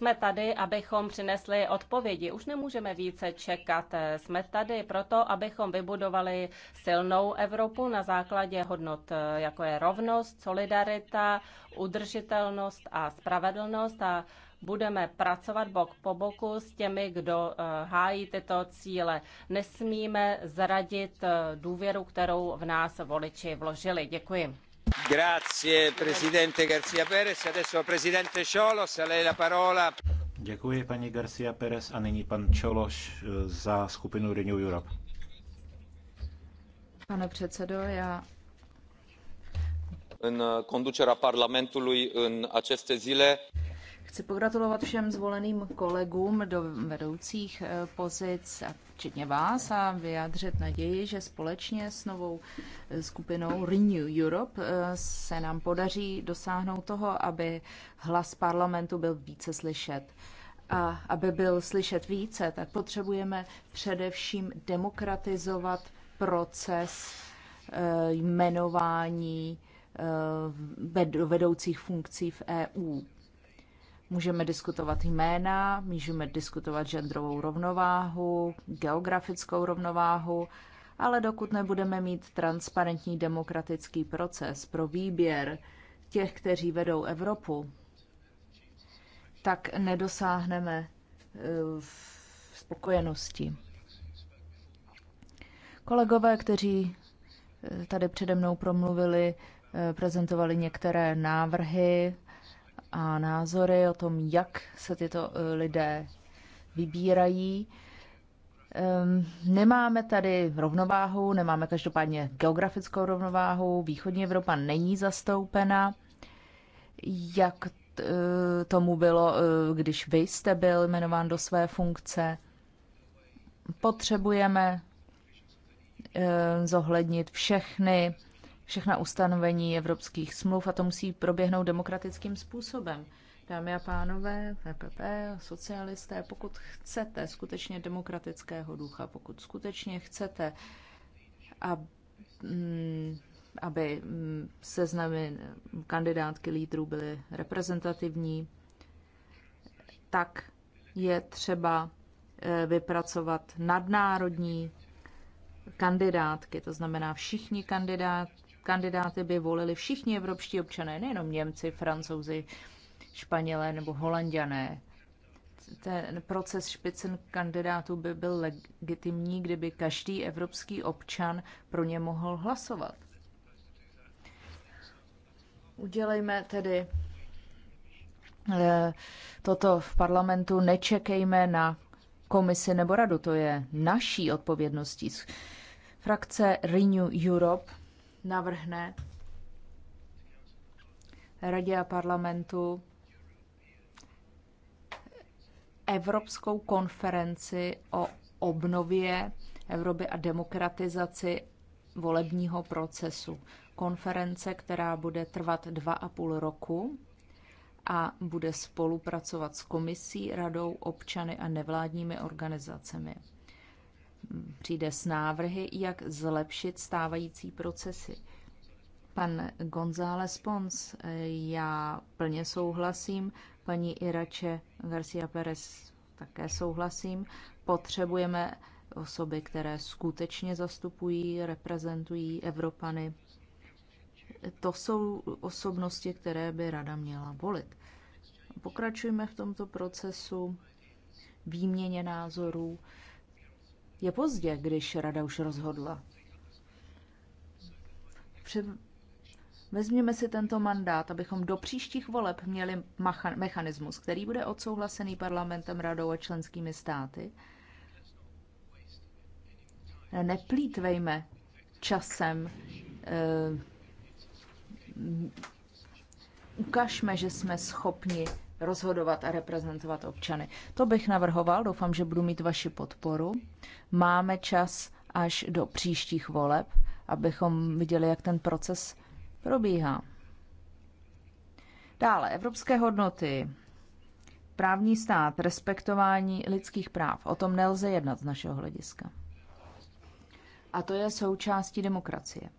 Jsme tady, abychom přinesli odpovědi. Už nemůžeme více čekat. Jsme tady proto, abychom vybudovali silnou Evropu na základě hodnot, jako je rovnost, solidarita, udržitelnost a spravedlnost a budeme pracovat bok po boku s těmi, kdo eh, hájí tyto cíle. Nesmíme zradit eh, důvěru, kterou v nás voliči vložili. Děkuji. Grazie, presidente García Pérez. Adesso presidente Cholos, a lei la parola. Děkuji, paní Garcia Perez. A nyní pan Čološ eh, za skupinu Renew Europe. Pane předsedo, já în eh, conducerea parlamentului în aceste zile. Chci pogratulovat všem zvoleným kolegům do vedoucích eh, pozic, včetně vás, a vyjádřit naději, že společně s novou eh, skupinou Renew Europe eh, se nám podaří dosáhnout toho, aby hlas parlamentu byl více slyšet. A aby byl slyšet více, tak potřebujeme především demokratizovat proces jmenování vedoucích funkcí v EU Můžeme diskutovat jména, můžeme diskutovat genderovou rovnováhu, geografickou rovnováhu, ale dokud nebudeme mít transparentní demokratický proces pro výběr těch, kteří vedou Evropu, tak nedosáhneme eh, spokojenosti. Kolegové, kteří eh, tady přede mnou promluvili, eh, prezentovali některé návrhy, a názory o tom, jak se tyto eh, lidé vybírají. Ehm, nemáme tady rovnováhu, nemáme každopádně geografickou rovnováhu, východní Evropa není zastoupena, jak eh, tomu bylo, eh, když vy jste byl jmenován do své funkce. Potřebujeme zohlednit všechny všechna ustanovení evropských smluv a to musí proběhnout demokratickým způsobem. Dámy a pánové, VPP, socialisté, pokud chcete skutečně demokratického ducha, pokud skutečně chcete, mm, aby mm, seznamy kandidátky lídrů byly reprezentativní, tak je třeba e, vypracovat nadnárodní kandidátky, to znamená všichni kandidáti kandidáty by volili všichni evropští občané, nejenom Němci, Francouzi, Španělé nebo Holanděné. Ten proces špicen kandidátů by byl legitimní, kdyby každý evropský občan pro ně mohl hlasovat. Udělejme tedy eh, toto v parlamentu, nečekejme na komisi nebo radu, to je naší odpovědností. Frakce Renew Europe navrhne Radě a parlamentu Evropskou konferenci o obnově Evropy a demokratizaci volebního procesu. Konference, která bude trvat dva a půl roku a bude spolupracovat s komisí, radou, občany a nevládními organizacemi přijde s návrhy, jak zlepšit stávající procesy. Pan González Pons, já plně souhlasím, paní Irače Garcia Perez také souhlasím. Potřebujeme osoby, které skutečně zastupují, reprezentují Evropany. To jsou osobnosti, které by rada měla volit. Pokračujeme v tomto procesu výměně názorů je pozdě, když rada už rozhodla. Před... Vezměme si tento mandát, abychom do příštích voleb měli mechanismus, který bude odsouhlasený parlamentem, radou a členskými státy. Neplítvejme časem. Uh, ukažme, že jsme schopni rozhodovat a reprezentovat občany. To bych navrhoval, doufám, že budu mít vaši podporu. Máme čas až do příštích voleb, abychom viděli, jak ten proces probíhá. Dále, evropské hodnoty, právní stát, respektování lidských práv. O tom nelze jednat z našeho hlediska. A to je součástí demokracie.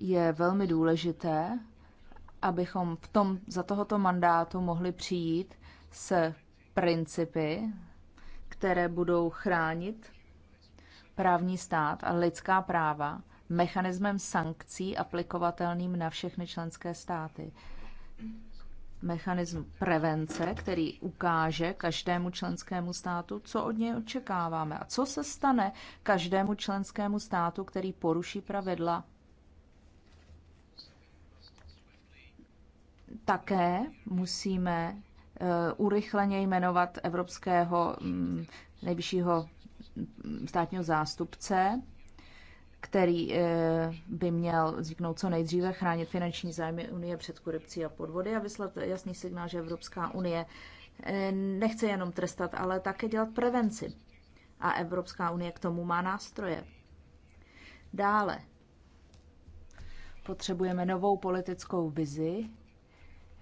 Je velmi důležité, abychom v tom, za tohoto mandátu mohli přijít s principy, které budou chránit právní stát a lidská práva mechanismem sankcí aplikovatelným na všechny členské státy. Mechanism prevence, který ukáže každému členskému státu, co od něj očekáváme a co se stane každému členskému státu, který poruší pravidla Také musíme eh, urychleně jmenovat evropského mm, nejvyššího mm, státního zástupce, který eh, by měl zvyknout co nejdříve chránit finanční zájmy Unie před korupcí a podvody a vyslat jasný signál, že Evropská unie eh, nechce jenom trestat, ale také dělat prevenci. A Evropská unie k tomu má nástroje. Dále potřebujeme novou politickou vizi,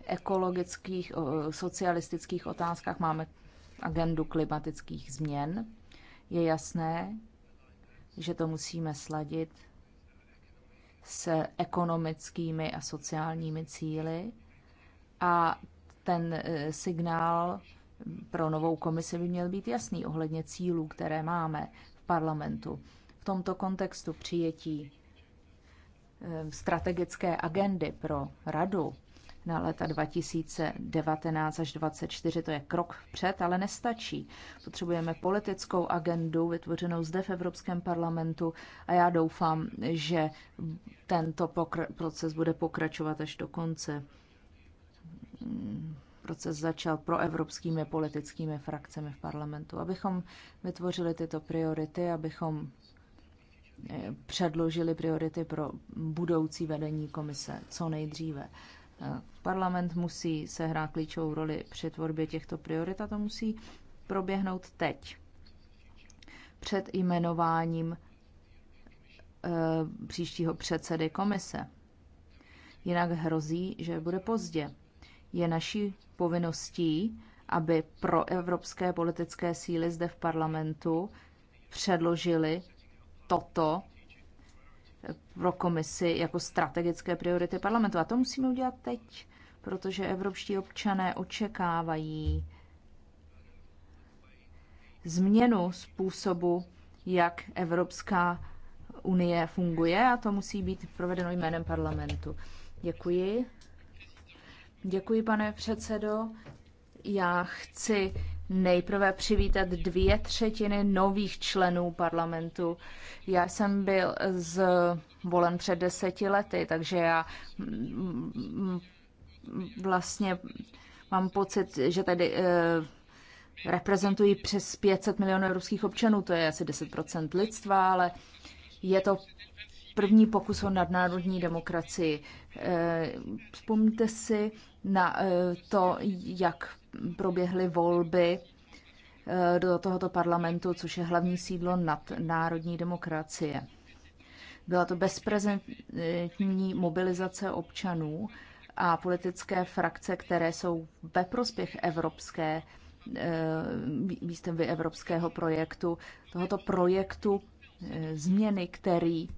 ekologických, socialistických otázkách, máme agendu klimatických změn. Je jasné, že to musíme sladit s ekonomickými a sociálními cíly. A ten e, signál pro novou komisi by měl být jasný ohledně cílů, které máme v parlamentu. V tomto kontextu přijetí e, strategické agendy pro radu na leta 2019 až 2024. To je krok vpřed, ale nestačí. Potřebujeme politickou agendu vytvořenou zde v Evropském parlamentu a já doufám, že tento proces bude pokračovat až do konce. Proces začal proevropskými politickými frakcemi v parlamentu, abychom vytvořili tyto priority, abychom eh, předložili priority pro budoucí vedení komise co nejdříve. Parlament musí sehrát klíčovou roli při tvorbě těchto priorit a to musí proběhnout teď, před jmenováním eh, příštího předsedy komise. Jinak hrozí, že bude pozdě. Je naší povinností, aby pro evropské politické síly zde v parlamentu předložili toto pro komisi jako strategické priority parlamentu. A to musíme udělat teď, protože evropští občané očekávají změnu způsobu, jak Evropská unie funguje a to musí být provedeno jménem parlamentu. Děkuji. Děkuji, pane předsedo. Já chci nejprve přivítat dvě třetiny nových členů parlamentu. Já jsem byl zvolen před deseti lety, takže já mm, mm, vlastně mám pocit, že tady eh, reprezentují přes 500 milionů evropských občanů, to je asi 10% lidstva, ale je to první pokus o nadnárodní demokracii. Eh, vzpomněte si na eh, to, jak proběhly volby eh, do tohoto parlamentu, což je hlavní sídlo nad národní demokracie. Byla to bezprezentní mobilizace občanů a politické frakce, které jsou ve prospěch evropské eh, výstavby evropského projektu, tohoto projektu eh, změny, který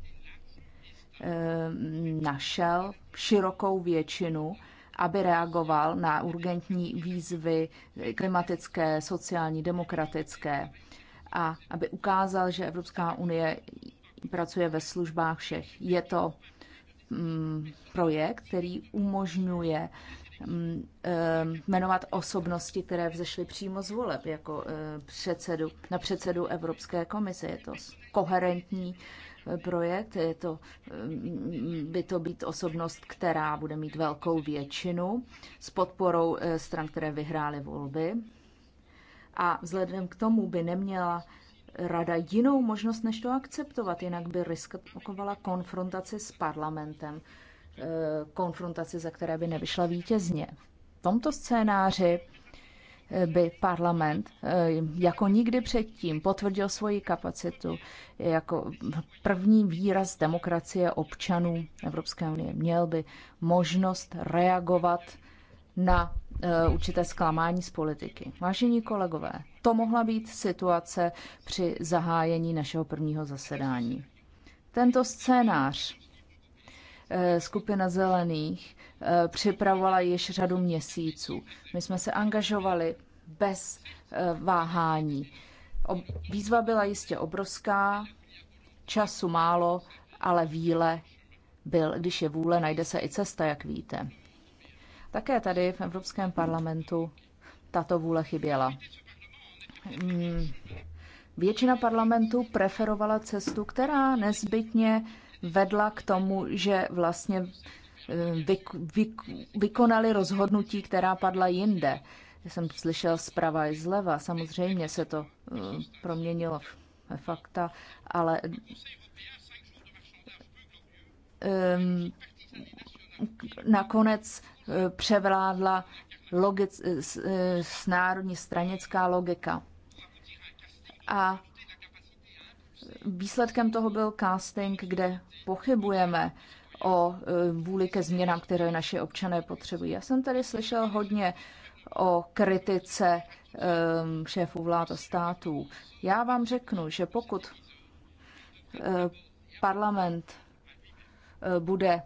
našel širokou většinu aby reagoval na urgentní výzvy klimatické, sociální, demokratické a aby ukázal, že Evropská unie pracuje ve službách všech. Je to mm, projekt, který umožňuje mm, e, jmenovat osobnosti, které vzešly přímo z voleb jako e, předsedu, na předsedu Evropské komise. Je to koherentní projekt. Je to, mm, by to být osobnost, která bude mít velkou většinu s podporou eh, stran, které vyhrály volby. A vzhledem k tomu by neměla rada jinou možnost, než to akceptovat, jinak by riskovala konfrontaci s parlamentem, eh, konfrontaci, za které by nevyšla vítězně. V tomto scénáři by parlament eh, jako nikdy předtím potvrdil svoji kapacitu jako první výraz demokracie občanů Evropské unie. Měl by možnost reagovat na eh, určité zklamání z politiky. Vážení kolegové, to mohla být situace při zahájení našeho prvního zasedání. Tento scénář Eh, skupina zelených eh, připravovala již řadu měsíců. My jsme se angažovali bez eh, váhání. Výzva byla jistě obrovská, času málo, ale víle byl. Když je vůle, najde se i cesta, jak víte. Také tady v Evropském parlamentu tato vůle chyběla. Hmm. Většina parlamentu preferovala cestu, která nezbytně vedla k tomu, že vlastně vy, eh, vy, vykonali rozhodnutí, která padla jinde. Já jsem slyšel zprava i zleva, samozřejmě se to eh, proměnilo ve fakta, ale um, nakonec eh, převládla logic, s, s národní stranická logika. A výsledkem toho byl casting, kde pochybujeme o e, vůli ke změnám, které naše občané potřebují. Já jsem tady slyšel hodně o kritice ehm, šéfů vlád a států. Já vám řeknu, že pokud e, parlament e, bude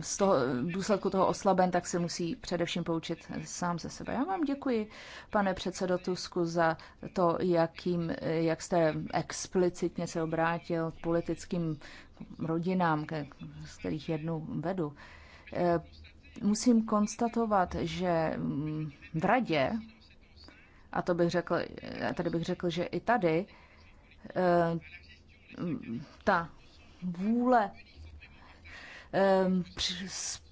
z toho, důsledku toho oslaben, tak se musí především poučit sám ze sebe. Já vám děkuji, pane předsedo Tusku, za to, jakým, jak jste explicitně se obrátil k politickým rodinám, ke, z kterých jednu vedu. E, musím konstatovat, že mm, v radě, a to bych řekl, tady bych řekl, že i tady, e, ta vůle Ehm,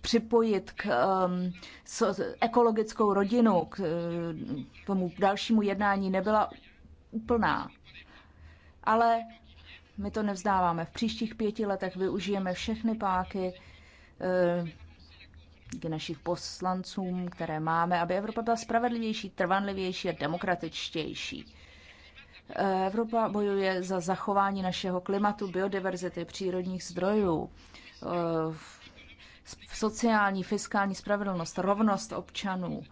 připojit k ehm, ekologickou rodinu, k eh, tomu dalšímu jednání nebyla úplná. Ale my to nevzdáváme. V příštích pěti letech využijeme všechny páky eh, k našich poslancům, které máme, aby Evropa byla spravedlivější, trvanlivější a demokratičtější. Eh, Evropa bojuje za zachování našeho klimatu, biodiverzity, přírodních zdrojů. Eh, sociální, fiskální spravedlnost, rovnost občanů,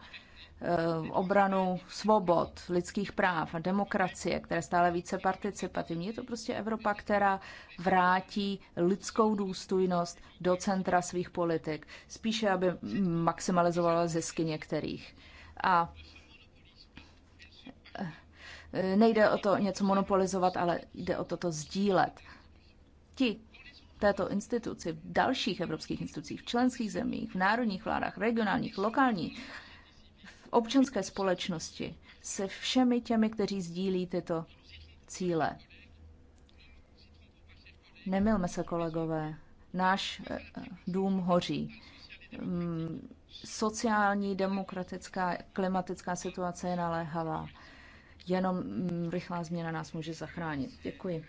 eh, obranu svobod, lidských práv a demokracie, které stále více participativní. Je to prostě Evropa, která vrátí lidskou důstojnost do centra svých politik, spíše aby maximalizovala zisky některých. A eh, nejde o to něco monopolizovat, ale jde o to to sdílet. Ti, této instituci, v dalších evropských institucích, v členských zemích, v národních vládách, regionálních, lokálních, v občanské společnosti, se všemi těmi, kteří sdílí tyto cíle. Nemilme se, kolegové, náš eh, eh, dům hoří. Mm, sociální, demokratická, klimatická situace je naléhavá. Jenom mm, rychlá změna nás může zachránit. Děkuji.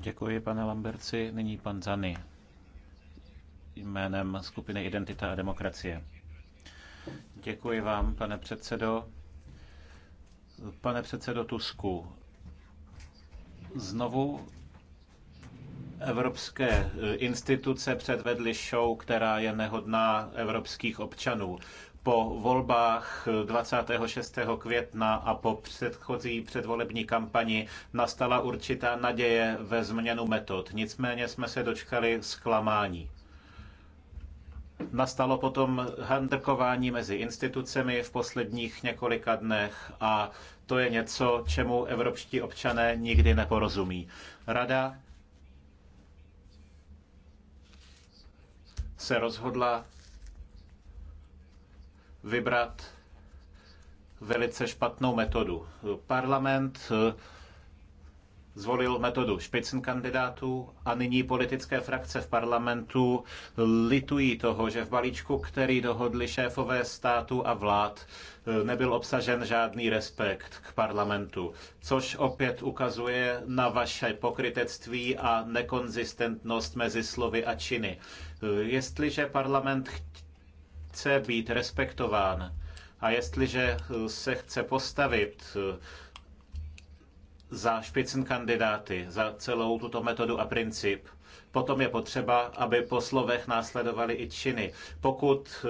Děkuji, pane Lamberci. Nyní pan Zany jménem skupiny Identita a demokracie. Děkuji vám, pane předsedo. Pane předsedo Tusku, znovu evropské eh, instituce předvedly show, která je nehodná evropských občanů po volbách 26. května a po předchozí předvolební kampani nastala určitá naděje ve změnu metod. Nicméně jsme se dočkali zklamání. Nastalo potom handrkování mezi institucemi v posledních několika dnech a to je něco, čemu evropští občané nikdy neporozumí. Rada se rozhodla vybrat velice špatnou metodu. Parlament eh, zvolil metodu špicn kandidátů a nyní politické frakce v parlamentu litují toho, že v balíčku, který dohodli šéfové státu a vlád, eh, nebyl obsažen žádný respekt k parlamentu, což opět ukazuje na vaše pokrytectví a nekonzistentnost mezi slovy a činy. Eh, jestliže parlament chce být respektován a jestliže eh, se chce postavit eh, za špicen kandidáty, za celou tuto metodu a princip, potom je potřeba, aby po slovech následovaly i činy. Pokud eh,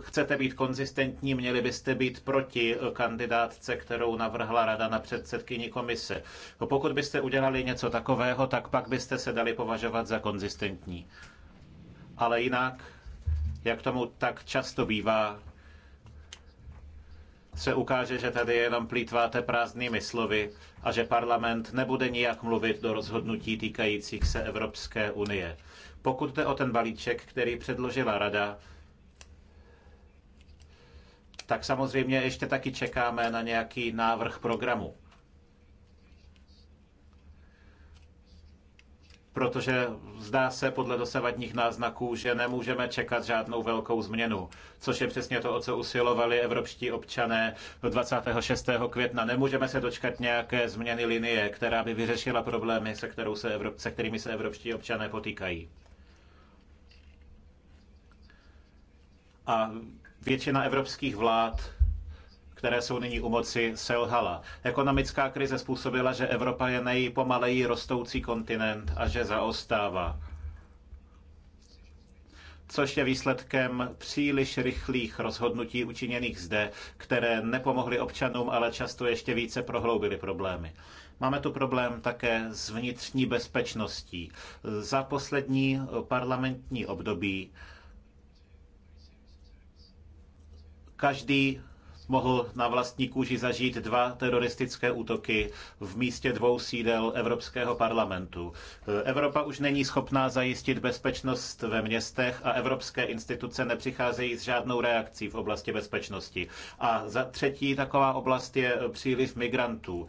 chcete být konzistentní, měli byste být proti kandidátce, kterou navrhla rada na předsedkyni komise. Pokud byste udělali něco takového, tak pak byste se dali považovat za konzistentní. Ale jinak jak tomu tak často bývá, se ukáže, že tady jenom plítváte prázdnými slovy a že parlament nebude nijak mluvit do rozhodnutí týkajících se Evropské unie. Pokud jde o ten balíček, který předložila Rada, tak samozřejmě ještě taky čekáme na nějaký návrh programu. protože zdá se podle dosavadních náznaků, že nemůžeme čekat žádnou velkou změnu, což je přesně to, o co usilovali evropští občané 26. května. Nemůžeme se dočkat nějaké změny linie, která by vyřešila problémy, se, kterou se Evrop, se kterými se evropští občané potýkají. A většina evropských vlád které jsou nyní u moci, selhala. Ekonomická krize způsobila, že Evropa je nejpomaleji rostoucí kontinent a že zaostává což je výsledkem příliš rychlých rozhodnutí učiněných zde, které nepomohly občanům, ale často ještě více prohloubily problémy. Máme tu problém také s vnitřní bezpečností. Za poslední parlamentní období každý mohl na vlastní kůži zažít dva teroristické útoky v místě dvou sídel Evropského parlamentu. Evropa už není schopná zajistit bezpečnost ve městech a evropské instituce nepřicházejí s žádnou reakcí v oblasti bezpečnosti. A za třetí taková oblast je příliv migrantů.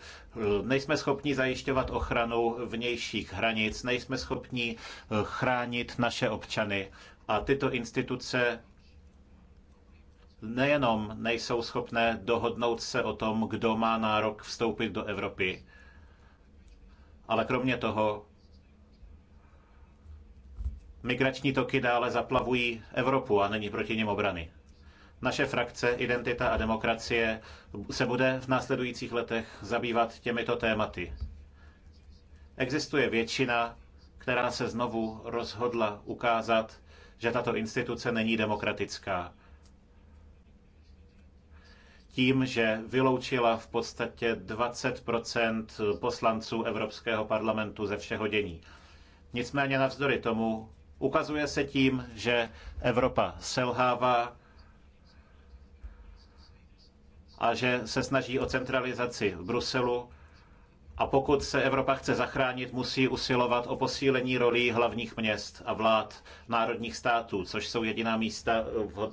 Nejsme schopni zajišťovat ochranu vnějších hranic, nejsme schopni chránit naše občany. A tyto instituce nejenom nejsou schopné dohodnout se o tom, kdo má nárok vstoupit do Evropy, ale kromě toho migrační toky dále zaplavují Evropu a není proti nim obrany. Naše frakce Identita a demokracie se bude v následujících letech zabývat těmito tématy. Existuje většina, která se znovu rozhodla ukázat, že tato instituce není demokratická tím, že vyloučila v podstatě 20 poslanců Evropského parlamentu ze všeho dění. Nicméně navzdory tomu ukazuje se tím, že Evropa selhává a že se snaží o centralizaci v Bruselu a pokud se Evropa chce zachránit, musí usilovat o posílení rolí hlavních měst a vlád národních států, což jsou jediná místa, eh,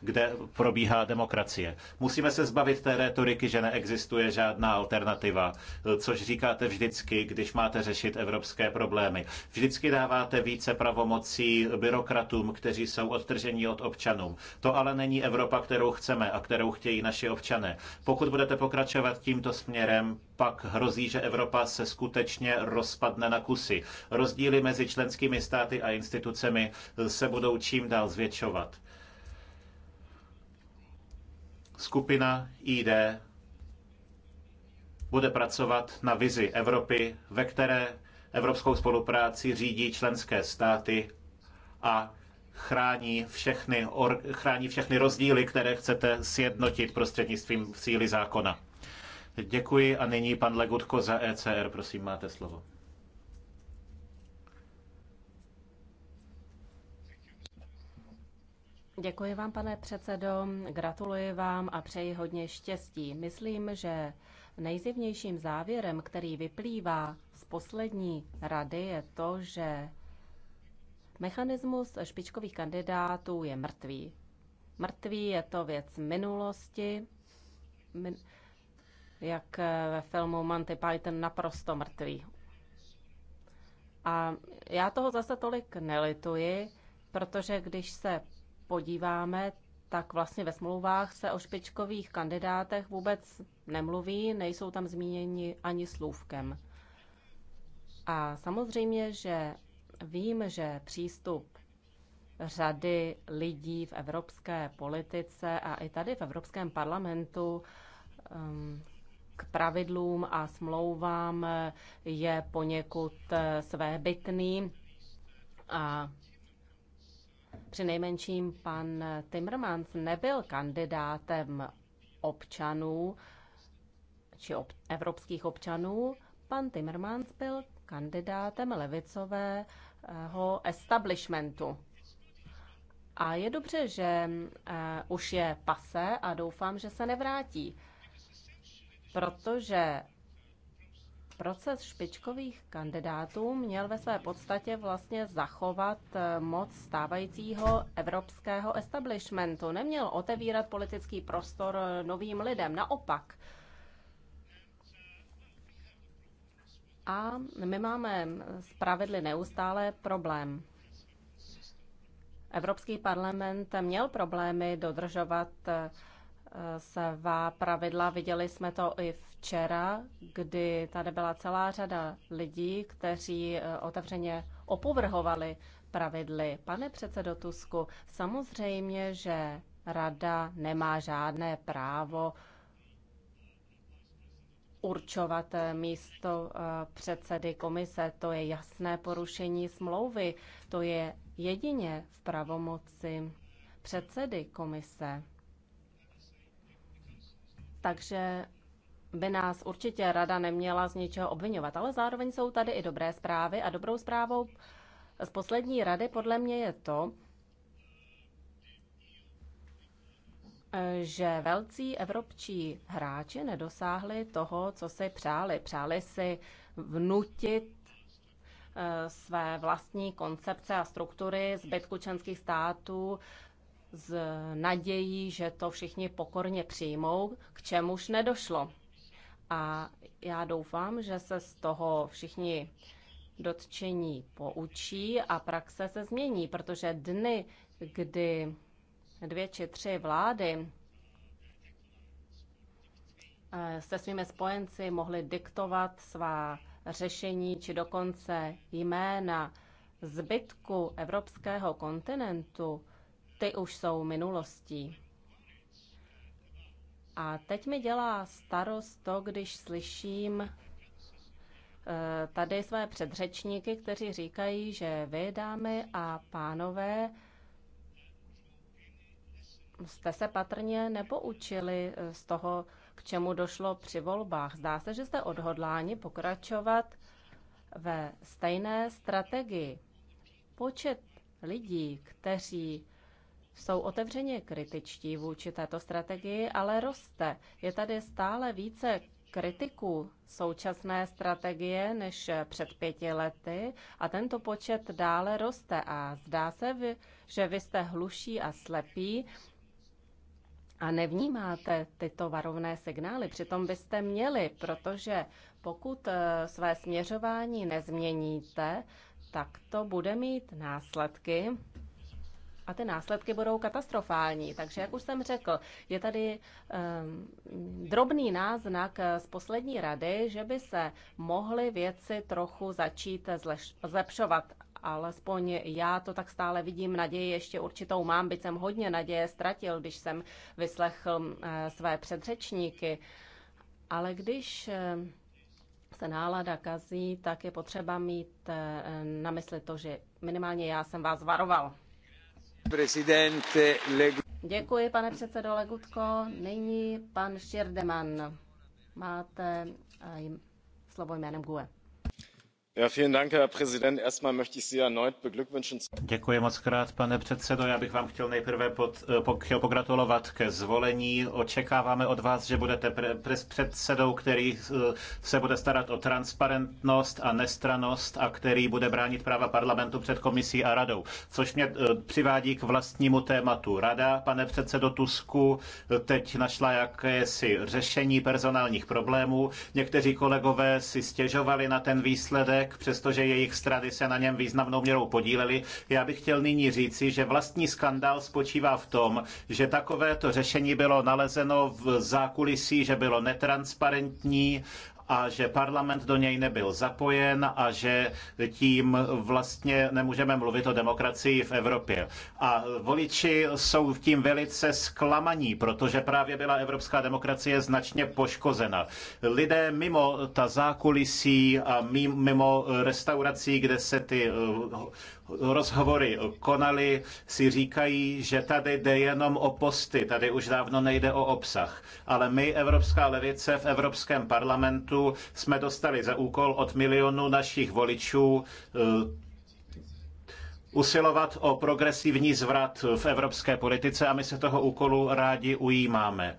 kde probíhá demokracie. Musíme se zbavit té retoriky, že neexistuje žádná alternativa, eh, což říkáte vždycky, když máte řešit evropské problémy. Vždycky dáváte více pravomocí byrokratům, kteří jsou odtrženi od občanů. To ale není Evropa, kterou chceme a kterou chtějí naši občané. Pokud budete pokračovat tímto směrem, pak hrozí, že Evropa se skutečně rozpadne na kusy. Rozdíly mezi členskými státy a institucemi se budou čím dál zvětšovat. Skupina ID bude pracovat na vizi Evropy, ve které evropskou spolupráci řídí členské státy a chrání všechny, or, chrání všechny rozdíly, které chcete sjednotit prostřednictvím síly zákona. Děkuji a nyní pan Legutko za ECR, prosím, máte slovo. Děkuji vám, pane předsedo, gratuluji vám a přeji hodně štěstí. Myslím, že nejzivnějším závěrem, který vyplývá z poslední rady, je to, že mechanismus špičkových kandidátů je mrtvý. Mrtvý je to věc minulosti. Min- jak eh, ve filmu Monty Python naprosto mrtvý. A já toho zase tolik nelituji, protože když se podíváme, tak vlastně ve smlouvách se o špičkových kandidátech vůbec nemluví, nejsou tam zmíněni ani slůvkem. A samozřejmě, že vím, že přístup řady lidí v evropské politice a i tady v Evropském parlamentu um, k pravidlům a smlouvám je poněkud eh, svébytný. A při nejmenším pan Timmermans nebyl kandidátem občanů či ob- evropských občanů. Pan Timmermans byl kandidátem levicového establishmentu. A je dobře, že uh, už je pase a doufám, že se nevrátí protože proces špičkových kandidátů měl ve své podstatě vlastně zachovat eh, moc stávajícího evropského establishmentu. Neměl otevírat politický prostor eh, novým lidem, naopak. A my máme s pravidly neustále problém. Evropský parlament měl problémy dodržovat eh, svá pravidla. Viděli jsme to i včera, kdy tady byla celá řada lidí, kteří eh, otevřeně opovrhovali pravidly. Pane předsedo Tusku, samozřejmě, že rada nemá žádné právo určovat eh, místo eh, předsedy komise. To je jasné porušení smlouvy. To je jedině v pravomoci předsedy komise takže by nás určitě rada neměla z něčeho obvinovat. Ale zároveň jsou tady i dobré zprávy a dobrou zprávou z poslední rady podle mě je to, že velcí evropčí hráči nedosáhli toho, co si přáli. Přáli si vnutit eh, své vlastní koncepce a struktury zbytku členských států s nadějí, že to všichni pokorně přijmou, k čemuž nedošlo. A já doufám, že se z toho všichni dotčení poučí a praxe se změní, protože dny, kdy dvě či tři vlády eh, se svými spojenci mohly diktovat svá řešení či dokonce jména zbytku evropského kontinentu, ty už jsou minulostí. A teď mi dělá starost to, když slyším eh, tady své předřečníky, kteří říkají, že vy, dámy a pánové, jste se patrně nepoučili z toho, k čemu došlo při volbách. Zdá se, že jste odhodláni pokračovat ve stejné strategii. Počet lidí, kteří jsou otevřeně kritičtí vůči této strategii, ale roste. Je tady stále více kritiků současné strategie než před pěti lety a tento počet dále roste a zdá se, že vy jste hluší a slepí a nevnímáte tyto varovné signály. Přitom byste měli, protože pokud eh, své směřování nezměníte, tak to bude mít následky a ty následky budou katastrofální. Takže, jak už jsem řekl, je tady um, drobný náznak z poslední rady, že by se mohly věci trochu začít zlepšovat. Alespoň já to tak stále vidím, naději ještě určitou mám, byť jsem hodně naděje ztratil, když jsem vyslechl uh, své předřečníky. Ale když uh, se nálada kazí, tak je potřeba mít uh, na mysli to, že minimálně já jsem vás varoval. Děkuji, pane předsedající Legutko. Nyní pan Máte eh, slovo Děkuji moc krát, pane předsedo. Já bych vám chtěl nejprve pod, eh, po, chtěl pogratulovat ke zvolení. Očekáváme od vás, že budete pre, pre, předsedou, který eh, se bude starat o transparentnost a nestranost a který bude bránit práva parlamentu před komisí a radou. Což mě eh, přivádí k vlastnímu tématu. Rada, pane předsedo Tusku, teď našla jakési řešení personálních problémů. Někteří kolegové si stěžovali na ten výsledek výsledek, přestože jejich strany se na něm významnou měrou podílely. Já bych chtěl nyní říci, že vlastní skandál spočívá v tom, že takovéto řešení bylo nalezeno v zákulisí, že bylo netransparentní a že parlament do něj nebyl zapojen a že tím vlastně nemůžeme mluvit o demokracii v Evropě. A voliči jsou v tím velice zklamaní, protože právě byla evropská demokracie značně poškozena. Lidé mimo ta zákulisí a mimo restaurací, kde se ty eh, rozhovory konali, si říkají, že tady jde jenom o posty, tady už dávno nejde o obsah. Ale my, Evropská levice v Evropském parlamentu, jsme dostali za úkol od milionů našich voličů eh, usilovat o progresivní zvrat v evropské politice a my se toho úkolu rádi ujímáme.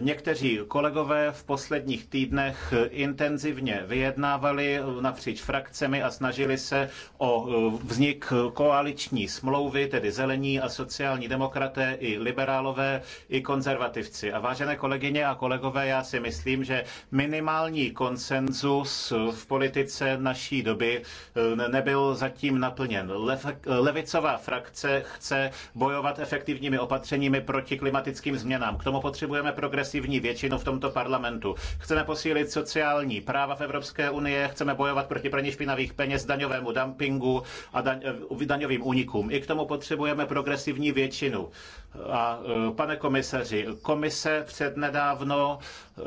Někteří kolegové v posledních týdnech intenzivně vyjednávali napříč frakcemi a snažili se o e, vznik koaliční smlouvy, tedy zelení a sociální demokraté i liberálové i konzervativci. A vážené kolegyně a kolegové, já si myslím, že minimální konsenzus v politice naší doby e, nebyl zatím naplněn. Levicová frakce chce bojovat efektivními opatřeními proti klimatickým změnám. K tomu potřebujeme pro progresivní většinu v tomto parlamentu. Chceme posílit sociální práva v Evropské unii, chceme bojovat proti praní špinavých peněz, daňovému dumpingu a daň, eh, daňovým únikům. I k tomu potřebujeme progresivní většinu. A eh, pane komisaři, komise přednedávno eh,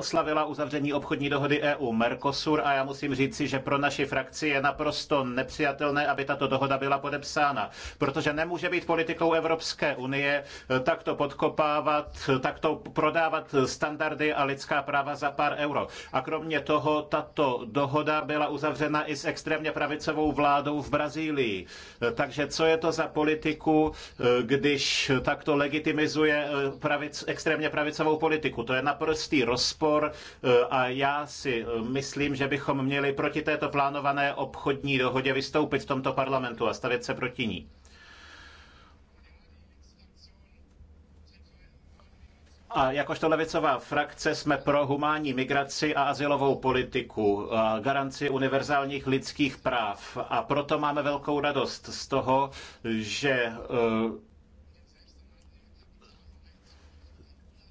slavila uzavření obchodní dohody EU-Mercosur a já musím říci, že pro naši frakci je naprosto nepřijatelné, aby tato dohoda byla podepsána, protože nemůže být politikou Evropské unie eh, takto podkopávat, eh, takto prodávat standardy a lidská práva za pár euro. A kromě toho tato dohoda byla uzavřena i s extrémně pravicovou vládou v Brazílii. Eh, takže co je to za politiku, když takto legitimizuje pravic, extrémně pravicovou politiku? To je naprosto jistý rozpor eh, a já si eh, myslím, že bychom měli proti této plánované obchodní dohodě vystoupit v tomto parlamentu a stavět se proti ní. A jakožto levicová frakce jsme pro humánní migraci a asilovou politiku, a garanci univerzálních lidských práv. A proto máme velkou radost z toho, že eh,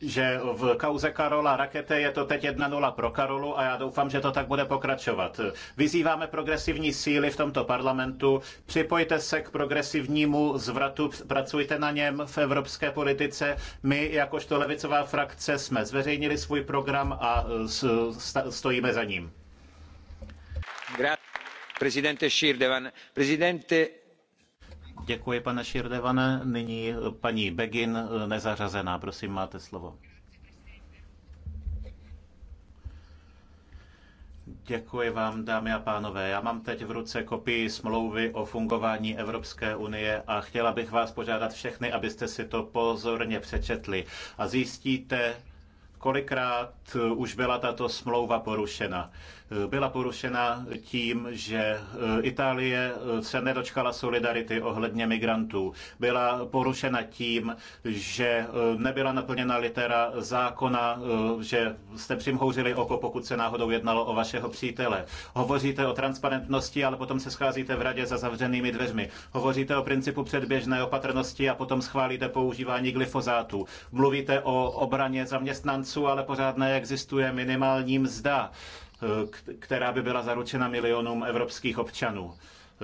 že v kauze Karola Rakete je to teď 1-0 pro Karolu a já doufám, že to tak bude pokračovat. Vyzýváme progresivní síly v tomto parlamentu, připojte se k progresivnímu zvratu, pracujte na něm v evropské politice. My, jakožto levicová frakce, jsme zveřejnili svůj program a e, stojíme za ním. Grazie. Presidente Schirdevan. Presidente Děkuji, pane Širdevane. Nyní eh, paní Begin, eh, nezařazená. Prosím, máte slovo. Děkuji vám, dámy a pánové. Já mám teď v ruce kopii smlouvy o fungování Evropské unie a chtěla bych vás požádat všechny, abyste si to pozorně přečetli a zjistíte, kolikrát eh, už byla tato smlouva porušena byla porušena tím, že eh, Itálie eh, se nedočkala solidarity ohledně migrantů. Byla porušena tím, že eh, nebyla naplněna litera zákona, že jste přimhouřili oko, pokud se náhodou jednalo o vašeho přítele. Hovoříte o transparentnosti, ale potom se scházíte v radě za zavřenými dveřmi. Hovoříte o principu předběžné opatrnosti a potom schválíte používání glyfozátu. Mluvíte o obraně zaměstnanců, ale pořád neexistuje minimální mzda která by byla zaručena milionům evropských občanů.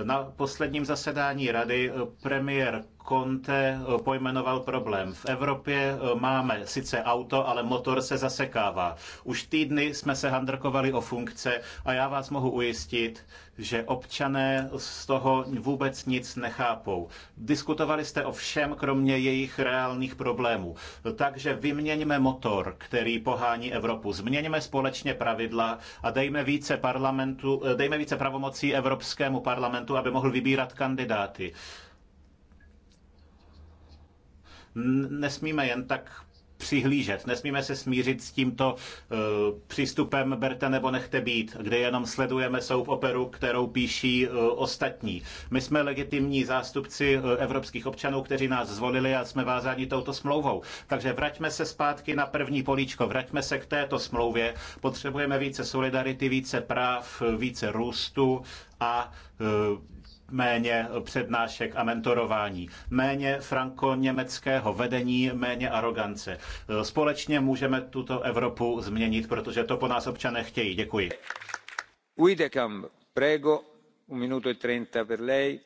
Na posledním zasedání rady eh, premiér Conte eh, pojmenoval problém. V Evropě eh, máme sice auto, ale motor se zasekává. Už týdny jsme se handrkovali o funkce a já vás mohu ujistit, že občané z toho vůbec nic nechápou. Diskutovali jste o všem, kromě jejich reálných problémů. Takže vyměňme motor, který pohání Evropu. Změňme společně pravidla a dejme více, parlamentu, eh, dejme více pravomocí Evropskému parlamentu, aby mohl vybírat kandidáty nesmíme jen tak přihlížet. Nesmíme se smířit s tímto uh, přístupem berte nebo nechte být, kde jenom sledujeme soup operu, kterou píší uh, ostatní. My jsme legitimní zástupci uh, evropských občanů, kteří nás zvolili a jsme vázáni touto smlouvou. Takže vraťme se zpátky na první políčko, vraťme se k této smlouvě. Potřebujeme více solidarity, více práv, více růstu a uh, méně přednášek a mentorování, méně franko-německého vedení, méně arogance. Společně můžeme tuto Evropu změnit, protože to po nás občané chtějí. Děkuji. Ujdekam, prego, un minuto e trenta per lei.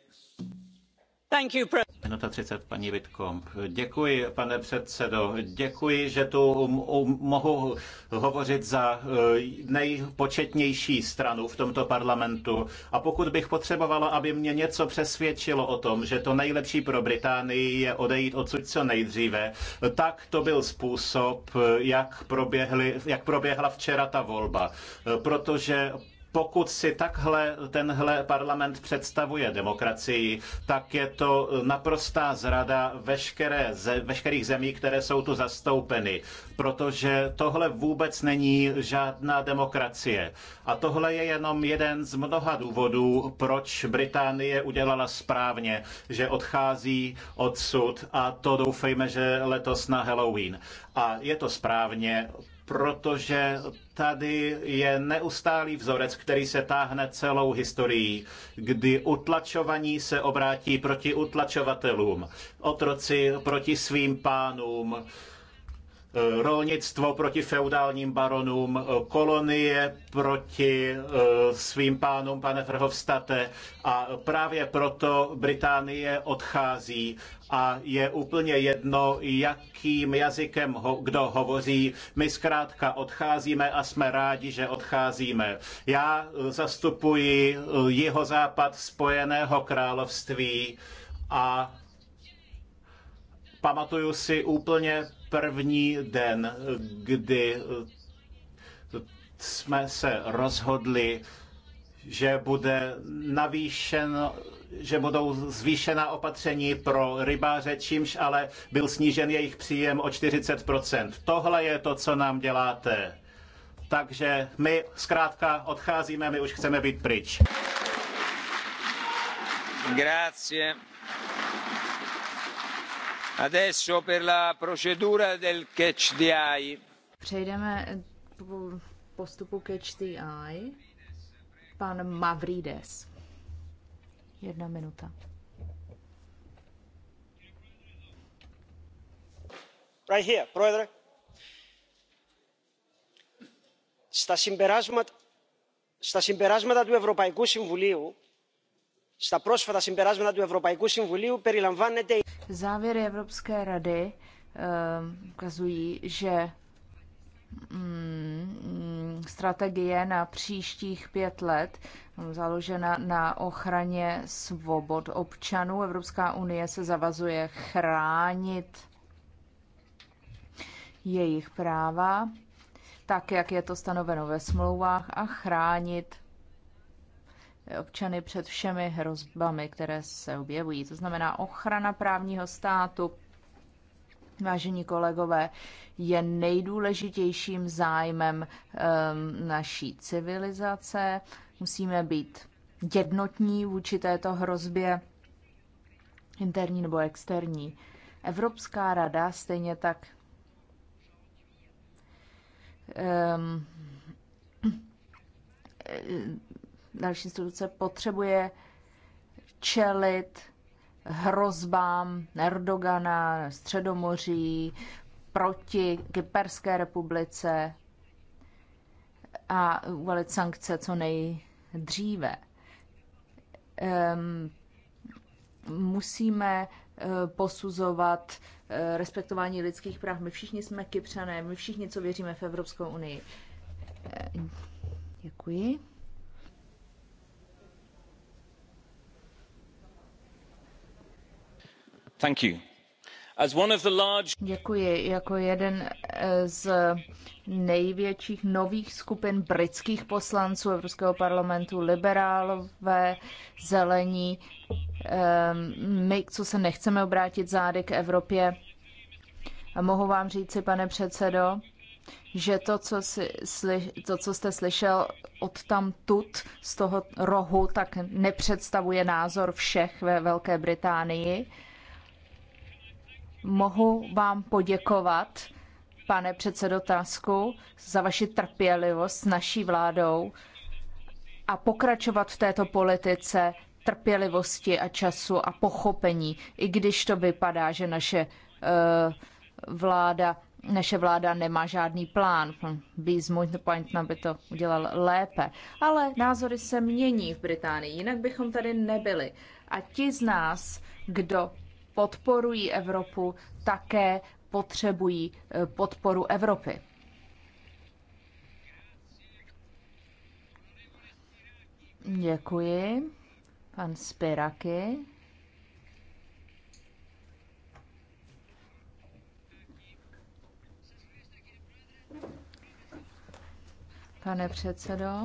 Děkuji, pane předsedo. Děkuji, že tu um, um, mohu hovořit za eh, nejpočetnější stranu v tomto parlamentu. A pokud bych potřebovala, aby mě něco přesvědčilo o tom, že to nejlepší pro Británii je odejít odsud co nejdříve, tak to byl způsob, eh, jak, proběhly, jak proběhla včera ta volba. Eh, protože pokud si takhle tenhle parlament představuje demokracii, tak je to naprostá zrada veškeré, ze veškerých zemí, které jsou tu zastoupeny, protože tohle vůbec není žádná demokracie. A tohle je jenom jeden z mnoha důvodů, proč Británie udělala správně, že odchází odsud a to doufejme, že letos na Halloween. A je to správně, protože tady je neustálý vzorec, který se táhne celou historií, kdy utlačovaní se obrátí proti utlačovatelům, otroci proti svým pánům, Eh, rolnictvo proti feudálním baronům, eh, kolonie proti eh, svým pánům, pane Verhofstadte. A právě proto Británie odchází a je úplně jedno, jakým jazykem ho, kdo hovoří. My zkrátka odcházíme a jsme rádi, že odcházíme. Já zastupuji jihozápad Spojeného království a Pamatuju si úplně první den, kdy eh, jsme se rozhodli, že bude navýšen, že budou zvýšena opatření pro rybáře, čímž ale byl snížen jejich příjem o 40%. Tohle je to, co nám děláte. Takže my zkrátka odcházíme, my už chceme být pryč. Grazie. Přejdeme k postupu catch the eye. Pan Mavrides. Jedna minuta. Right here, brother. Στα συμπεράσματα, στα συμπεράσματα του Ευρωπαϊκού Συμβουλίου, στα πρόσφατα συμπεράσματα του Ευρωπαϊκού Συμβουλίου περιλαμβάνεται Závěry Evropské rady ehm, ukazují, že mm, strategie na příštích pět let eh, založena na ochraně svobod občanů. Evropská unie se zavazuje chránit jejich práva, tak jak je to stanoveno ve smlouvách, a chránit občany před všemi hrozbami, které se objevují. To znamená ochrana právního státu, vážení kolegové, je nejdůležitějším zájmem um, naší civilizace. Musíme být jednotní vůči této hrozbě, interní nebo externí. Evropská rada stejně tak um, další instituce potřebuje čelit hrozbám Erdogana, Středomoří, proti Kyperské republice a uvalit sankce co nejdříve. musíme eh, posuzovat eh, respektování lidských práv. My všichni jsme Kypřané, my všichni, co věříme v Evropskou unii. Eh, děkuji. Děkuji. Jako jeden eh, z největších nových skupin britských poslanců Evropského parlamentu, liberálové, zelení, eh, my, co se nechceme obrátit zády k Evropě, a mohu vám říci, pane předsedo, že to co, si, sli, to, co jste slyšel od tam tut, z toho rohu, tak nepředstavuje názor všech ve Velké Británii Mohu vám poděkovat, pane předsedo Tasku, za vaši trpělivost s naší vládou a pokračovat v této politice trpělivosti a času a pochopení, i když to vypadá, že naše uh, vláda naše vláda nemá žádný plán. Hm, Bees Point nám no, by to udělal lépe. Ale názory se mění v Británii, jinak bychom tady nebyli. A ti z nás, kdo podporují Evropu, také potřebují eh, podporu Evropy. Děkuji. Pan Spiraky. Pane předsedo,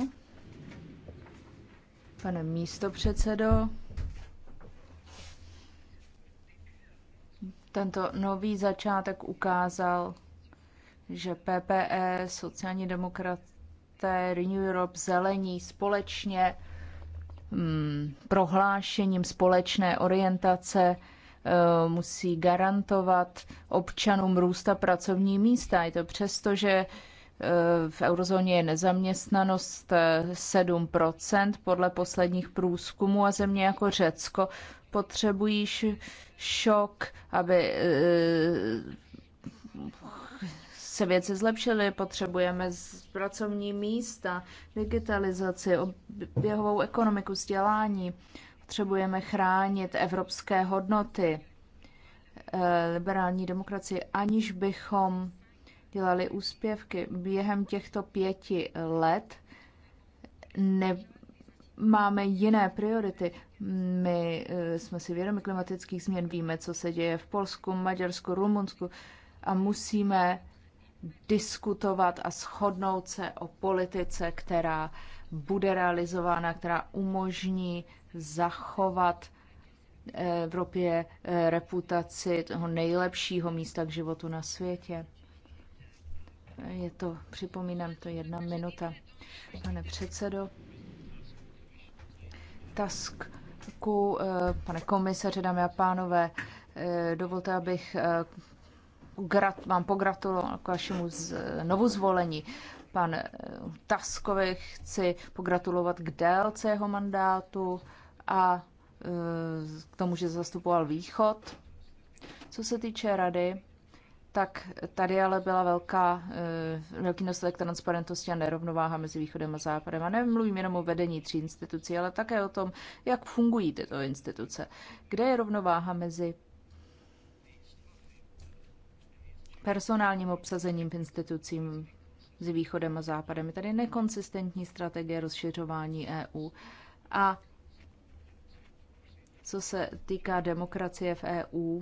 pane místo předsedo, Tento nový začátek ukázal, že PPE, sociální demokraté, Renew Europe, zelení společně hmm, prohlášením společné orientace eh, musí garantovat občanům Růsta pracovní místa. Je to přesto, že eh, v eurozóně je nezaměstnanost 7 eh, podle posledních průzkumů a země jako Řecko potřebují šok, aby eh, se věci zlepšily, potřebujeme pracovní místa, digitalizaci, oběhovou ekonomiku, vzdělání, potřebujeme chránit evropské hodnoty, eh, liberální demokracii, aniž bychom dělali úspěvky. Během těchto pěti let ne, máme jiné priority. My eh, jsme si vědomi klimatických změn, víme, co se děje v Polsku, Maďarsku, Rumunsku a musíme diskutovat a shodnout se o politice, která bude realizována, která umožní zachovat Evropě eh, reputaci toho nejlepšího místa k životu na světě. Je to, připomínám, to jedna minuta. Pane předsedo, task pořádku. Eh, pane komisaře, dámy a pánové, eh, dovolte, abych eh, vám pogratuloval k vašemu novozvolení. Pan Taskovi chci pogratulovat k délce jeho mandátu a k tomu, že zastupoval východ. Co se týče rady, tak tady ale byla velká, eh, velký nedostatek transparentnosti a nerovnováha mezi východem a západem. A nemluvím jenom o vedení tří institucí, ale také o tom, jak fungují tyto instituce. Kde je rovnováha mezi personálním obsazením v institucím s východem a západem. Je tady nekonsistentní strategie rozšiřování EU. A co se týká demokracie v EU,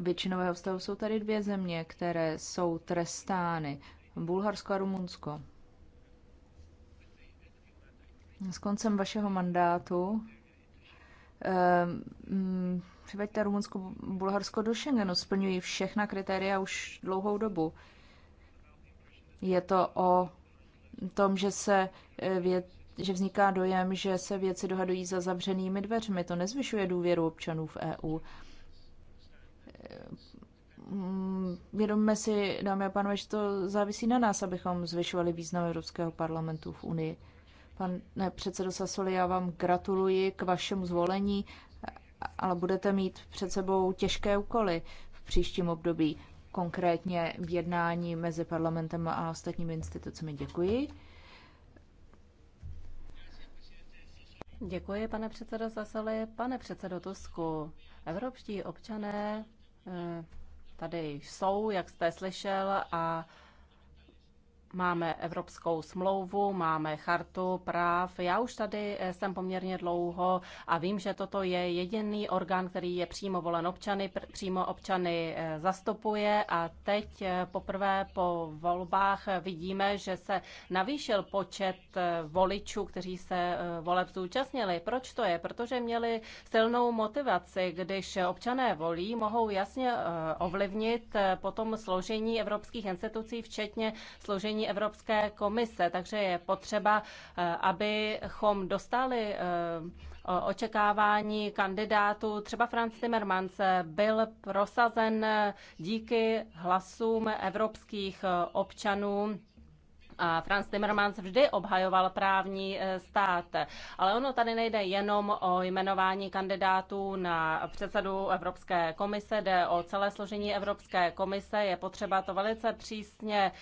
většinového vztahu jsou tady dvě země, které jsou trestány. Bulharsko a Rumunsko. S koncem vašeho mandátu eh, mm, přiveďte Rumunsko, Bulharsko do Schengenu. Splňují všechna kritéria už dlouhou dobu. Je to o tom, že se eh, věd, že vzniká dojem, že se věci dohadují za zavřenými dveřmi. To nezvyšuje důvěru občanů v EU. Eh, vědomme si, dámy a pánové, že to závisí na nás, abychom zvyšovali význam Evropského parlamentu v Unii. Pane předsedo Sasoli, já vám gratuluji k vašemu zvolení, ale budete mít před sebou těžké úkoly v příštím období, konkrétně v jednání mezi parlamentem a ostatními institucemi. Děkuji. Děkuji, pane předsedo Sasoli. Pane předsedo Tusku, evropští občané Eh, tady jsou, jak jste slyšel, a Máme Evropskou smlouvu, máme chartu práv. Já už tady jsem poměrně dlouho a vím, že toto je jediný orgán, který je přímo volen občany, pr- přímo občany eh, zastupuje a teď eh, poprvé po volbách vidíme, že se navýšil počet eh, voličů, kteří se voleb zúčastnili. Proč to je? Protože měli silnou motivaci, když občané volí, mohou jasně ovlivnit potom složení evropských institucí, včetně složení nařízení Evropské komise, takže je potřeba, eh, abychom dostali eh, očekávání kandidátů. Třeba Franz Timmermans eh, byl prosazen díky hlasům evropských občanů a Franz Timmermans vždy obhajoval právní stát. Ale ono tady nejde jenom o jmenování kandidátů na předsedu Evropské komise, jde o celé složení Evropské komise. Je potřeba to velice přísně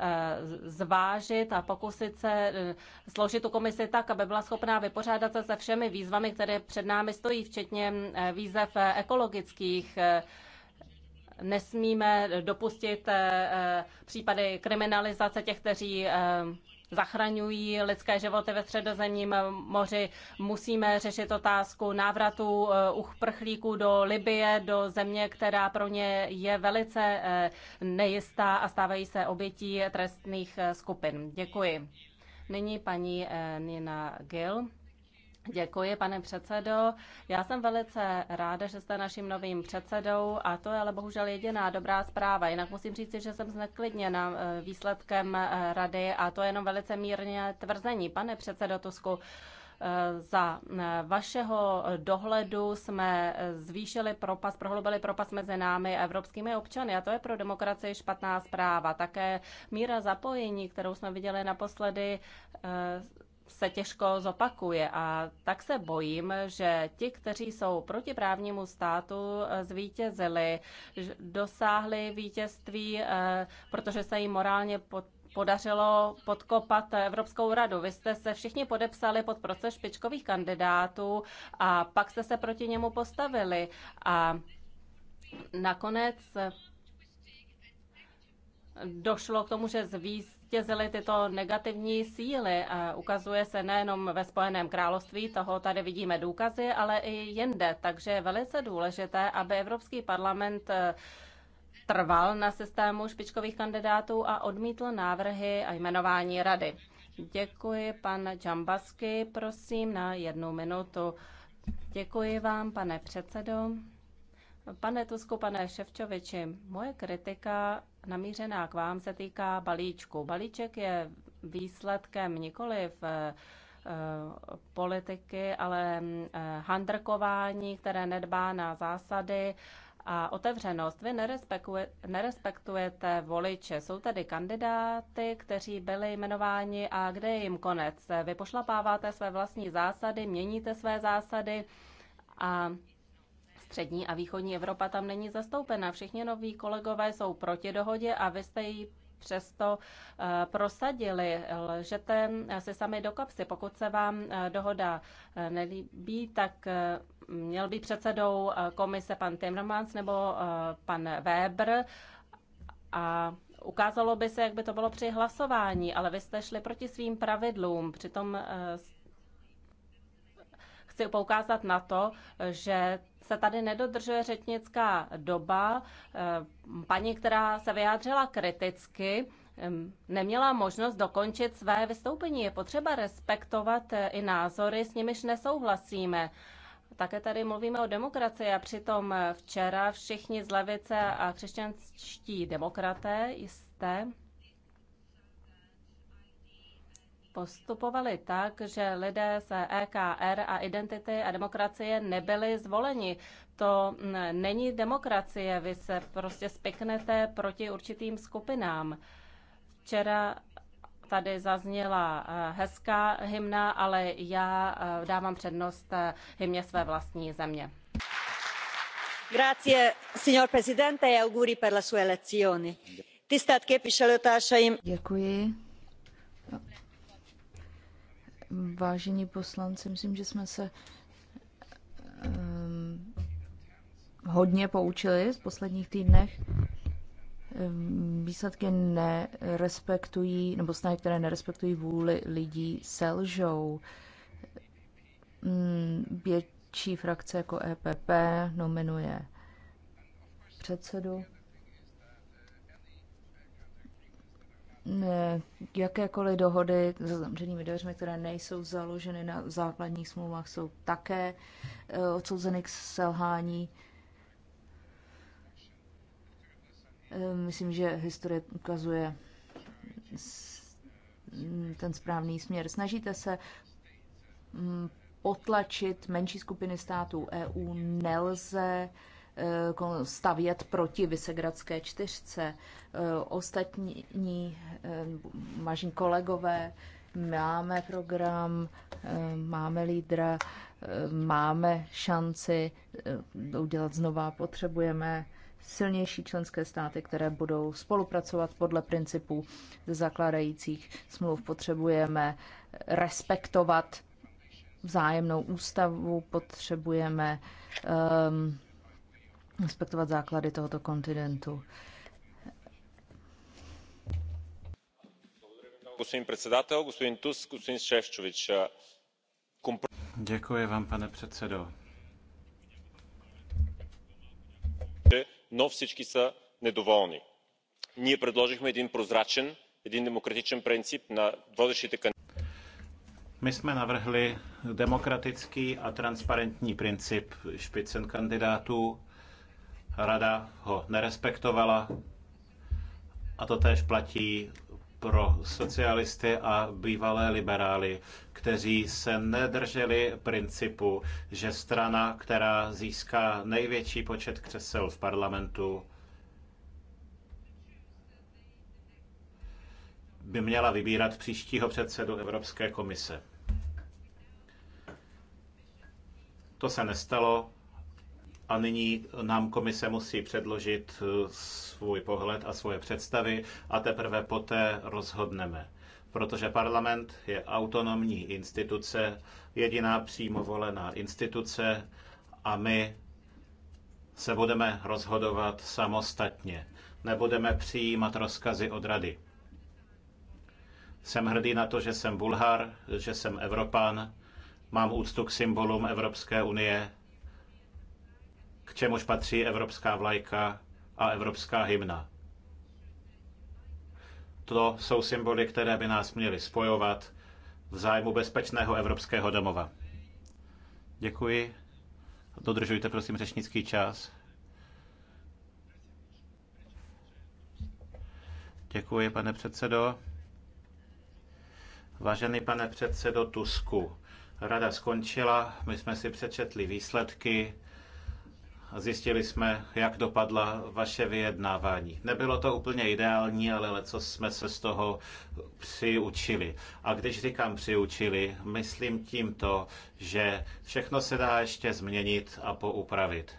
Eh, zvážit a pokusit se eh, složit tu komisi tak, aby byla schopná vypořádat se se všemi výzvami, které před námi stojí, včetně eh, výzev ekologických nesmíme dopustit případy kriminalizace těch, kteří zachraňují lidské životy ve středozemním moři. Musíme řešit otázku návratu eh, uchprchlíků do Libie, do země, která pro ně je velice eh, nejistá a stávají se obětí trestných eh, skupin. Děkuji. Nyní paní Nina Gill. Děkuji, pane předsedo. Já jsem velice ráda, že jste naším novým předsedou a to je ale bohužel jediná dobrá zpráva. Jinak musím říct, že jsem zneklidněna eh, výsledkem eh, rady a to je jenom velice mírně tvrzení. Pane předsedo Tusku, eh, za vašeho dohledu jsme zvýšili propas, prohlubili propas mezi námi a evropskými občany a to je pro demokracii špatná zpráva. Také míra zapojení, kterou jsme viděli naposledy, se těžko zopakuje a tak se bojím, že ti, kteří jsou proti právnímu státu, eh, zvítězili, dosáhli vítězství, eh, protože se jim morálně pod podařilo podkopat Evropskou radu. Vy jste se všichni podepsali pod proces špičkových kandidátů a pak jste se proti němu postavili. A nakonec došlo k tomu, že zvíz, zvítězily tyto negativní síly. Ukazuje se nejenom ve Spojeném království, toho tady vidíme důkazy, ale i jinde. Takže je velice důležité, aby Evropský parlament eh, trval na systému špičkových kandidátů a odmítl návrhy a jmenování rady. Děkuji, pan Džambasky, prosím na jednu minutu. Děkuji vám, pane předsedo. Pane Tusku, pane Ševčoviči, moje kritika namířená k vám se týká balíčku. Balíček je výsledkem nikoli v eh, politiky, ale eh, handrkování, které nedbá na zásady a otevřenost. Vy nerespektujete voliče. Jsou tady kandidáty, kteří byli jmenováni a kde je jim konec? Vy pošlapáváte své vlastní zásady, měníte své zásady a Střední a východní Evropa tam není zastoupena. Všichni noví kolegové jsou proti dohodě a vy jste ji přesto eh, prosadili. Lžete eh, se sami do kapsy. Pokud se vám eh, dohoda nelíbí, tak měl by předsedou komise pan Timmermans nebo pan Weber a ukázalo by se, jak by to bylo při hlasování, ale vy jste šli proti svým pravidlům. Přitom chci poukázat na to, že se tady nedodržuje řečnická doba. Eh, paní, která se vyjádřila kriticky, eh, neměla možnost dokončit své vystoupení. Je potřeba respektovat eh, i názory, s nimiž nesouhlasíme. Také tady mluvíme o demokracii a přitom včera všichni z levice a křesťanští demokraté jste postupovali tak, že lidé z EKR a identity a demokracie nebyli zvoleni. To není demokracie, vy se prostě spiknete proti určitým skupinám. Včera tady zazněla eh, hezká hymna, ale já eh, dávám přednost eh, hymně své vlastní země. Grazie, signor Presidente, e auguri per la sua elezione. Děkuji. Vážení poslanci, myslím, že jsme se um, hodně poučili v posledních týdnech. Ehm, výsledky nerespektují, nebo snahy, které nerespektují vůli lidí, selžou. Ehm, větší frakce jako EPP nominuje předsedu. Eh, jakékoliv dohody s zamřenými dveřmi, které nejsou založeny na základních smlouvách, jsou také eh, odsouzeny k selhání. Eh, myslím, že historie ukazuje mm, ten správný směr. Snažíte se mm, potlačit menší skupiny států EU. Nelze Eh, stavět proti Vysegradské čtyřce. Eh, ostatní mažní eh, kolegové, máme program, máme lídra, máme šanci udělat znova, potřebujeme silnější členské státy, které budou spolupracovat podle principů zakládajících smluv. Potřebujeme respektovat vzájemnou ústavu, potřebujeme um, respektovat základy tohoto kontinentu. Děkuji vám, pane předsedo. No všichni jsou nedovolní. My předložíme jeden prozračen, jeden demokratický princip na vodešité My jsme navrhli demokratický a transparentní princip špicen kandidátů Rada ho nerespektovala a to též platí pro socialisty a bývalé liberály, kteří se nedrželi principu, že strana, která získá největší počet křesel v parlamentu, by měla vybírat příštího předsedu Evropské komise. To se nestalo a nyní nám komise musí předložit eh, svůj pohled a svoje představy a teprve poté rozhodneme. Protože parlament je autonomní instituce, jediná přímo volená instituce a my se budeme rozhodovat samostatně. Nebudeme přijímat rozkazy od rady. Jsem hrdý na to, že jsem Bulhar, že jsem Evropan, mám úctu k symbolům Evropské unie k čemuž patří evropská vlajka a evropská hymna. To jsou symboly, které by nás měly spojovat v zájmu bezpečného evropského domova. Děkuji. Dodržujte prosím řečnický čas. Děkuji, pane předsedo. Vážený pane předsedo Tusku, rada skončila, my jsme si přečetli výsledky Zjistili jsme, jak dopadla vaše vyjednávání. Nebylo to úplně ideální, ale co jsme se z toho přiučili. A když říkám přiučili, myslím tím to, že všechno se dá ještě změnit a poupravit.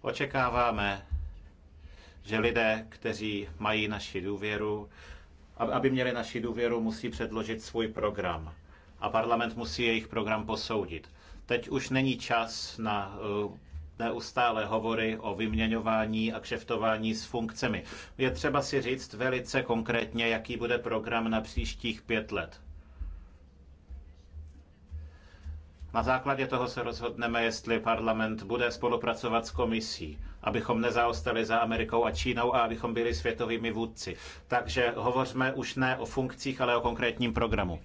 Očekáváme, že lidé, kteří mají naši důvěru, aby měli naši důvěru, musí předložit svůj program. A parlament musí jejich program posoudit. Teď už není čas na eh, neustále hovory o vyměňování a kšeftování s funkcemi. Je třeba si říct velice konkrétně, jaký bude program na příštích pět let. Na základě toho se rozhodneme, jestli parlament bude spolupracovat s komisí, abychom nezaostali za Amerikou a Čínou a abychom byli světovými vůdci. Takže hovořme už ne o funkcích, ale o konkrétním programu.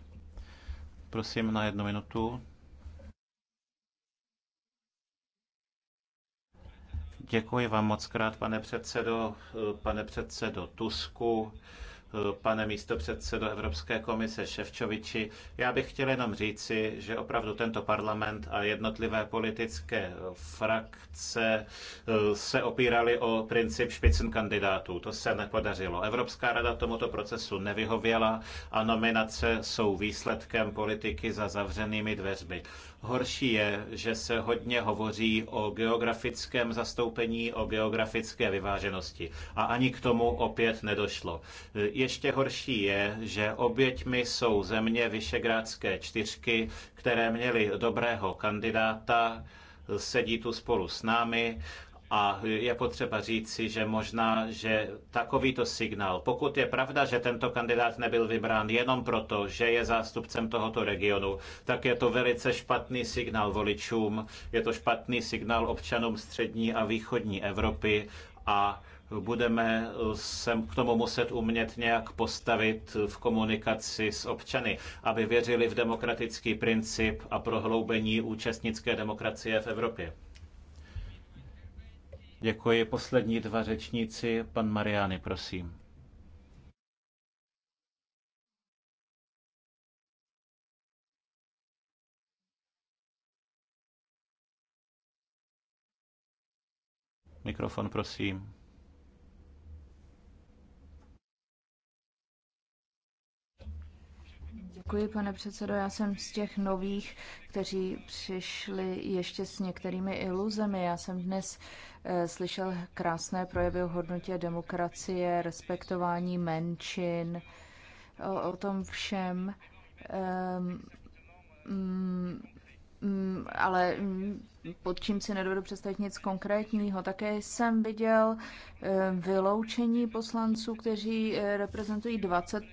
Prosím na jednu minutu. Děkuji vám moc krát, pane předsedo, pane předsedo Tusku pane místopředsedo Evropské komise Ševčoviči. Já bych chtěl jenom říci, že opravdu tento parlament a jednotlivé politické frakce eh, se opírali o princip špicen kandidátů. To se nepodařilo. Evropská rada tomuto procesu nevyhověla a nominace jsou výsledkem politiky za zavřenými dveřmi. Horší je, že se hodně hovoří o geografickém zastoupení, o geografické vyváženosti. A ani k tomu opět nedošlo. Ještě horší je, že oběťmi jsou země Vyšegrádské čtyřky, které měly dobrého kandidáta, sedí tu spolu s námi a je potřeba říci, že možná, že takovýto signál, pokud je pravda, že tento kandidát nebyl vybrán jenom proto, že je zástupcem tohoto regionu, tak je to velice špatný signál voličům, je to špatný signál občanům střední a východní Evropy a budeme se k tomu muset umět nějak postavit v komunikaci s občany, aby věřili v demokratický princip a prohloubení účastnické demokracie v Evropě. Děkuji. Poslední dva řečníci. Pan Mariány, prosím. Mikrofon, prosím. Děkuji, pane předsedo. Já jsem z těch nových, kteří přišli ještě s některými iluzemi. Já jsem dnes eh, slyšel krásné projevy o hodnotě demokracie, respektování menšin, o, o tom všem. Ehm, mm, Mm, ale mm, pod čím si nedovedu představit nic konkrétního. Také jsem viděl eh, vyloučení poslanců, kteří eh, reprezentují 20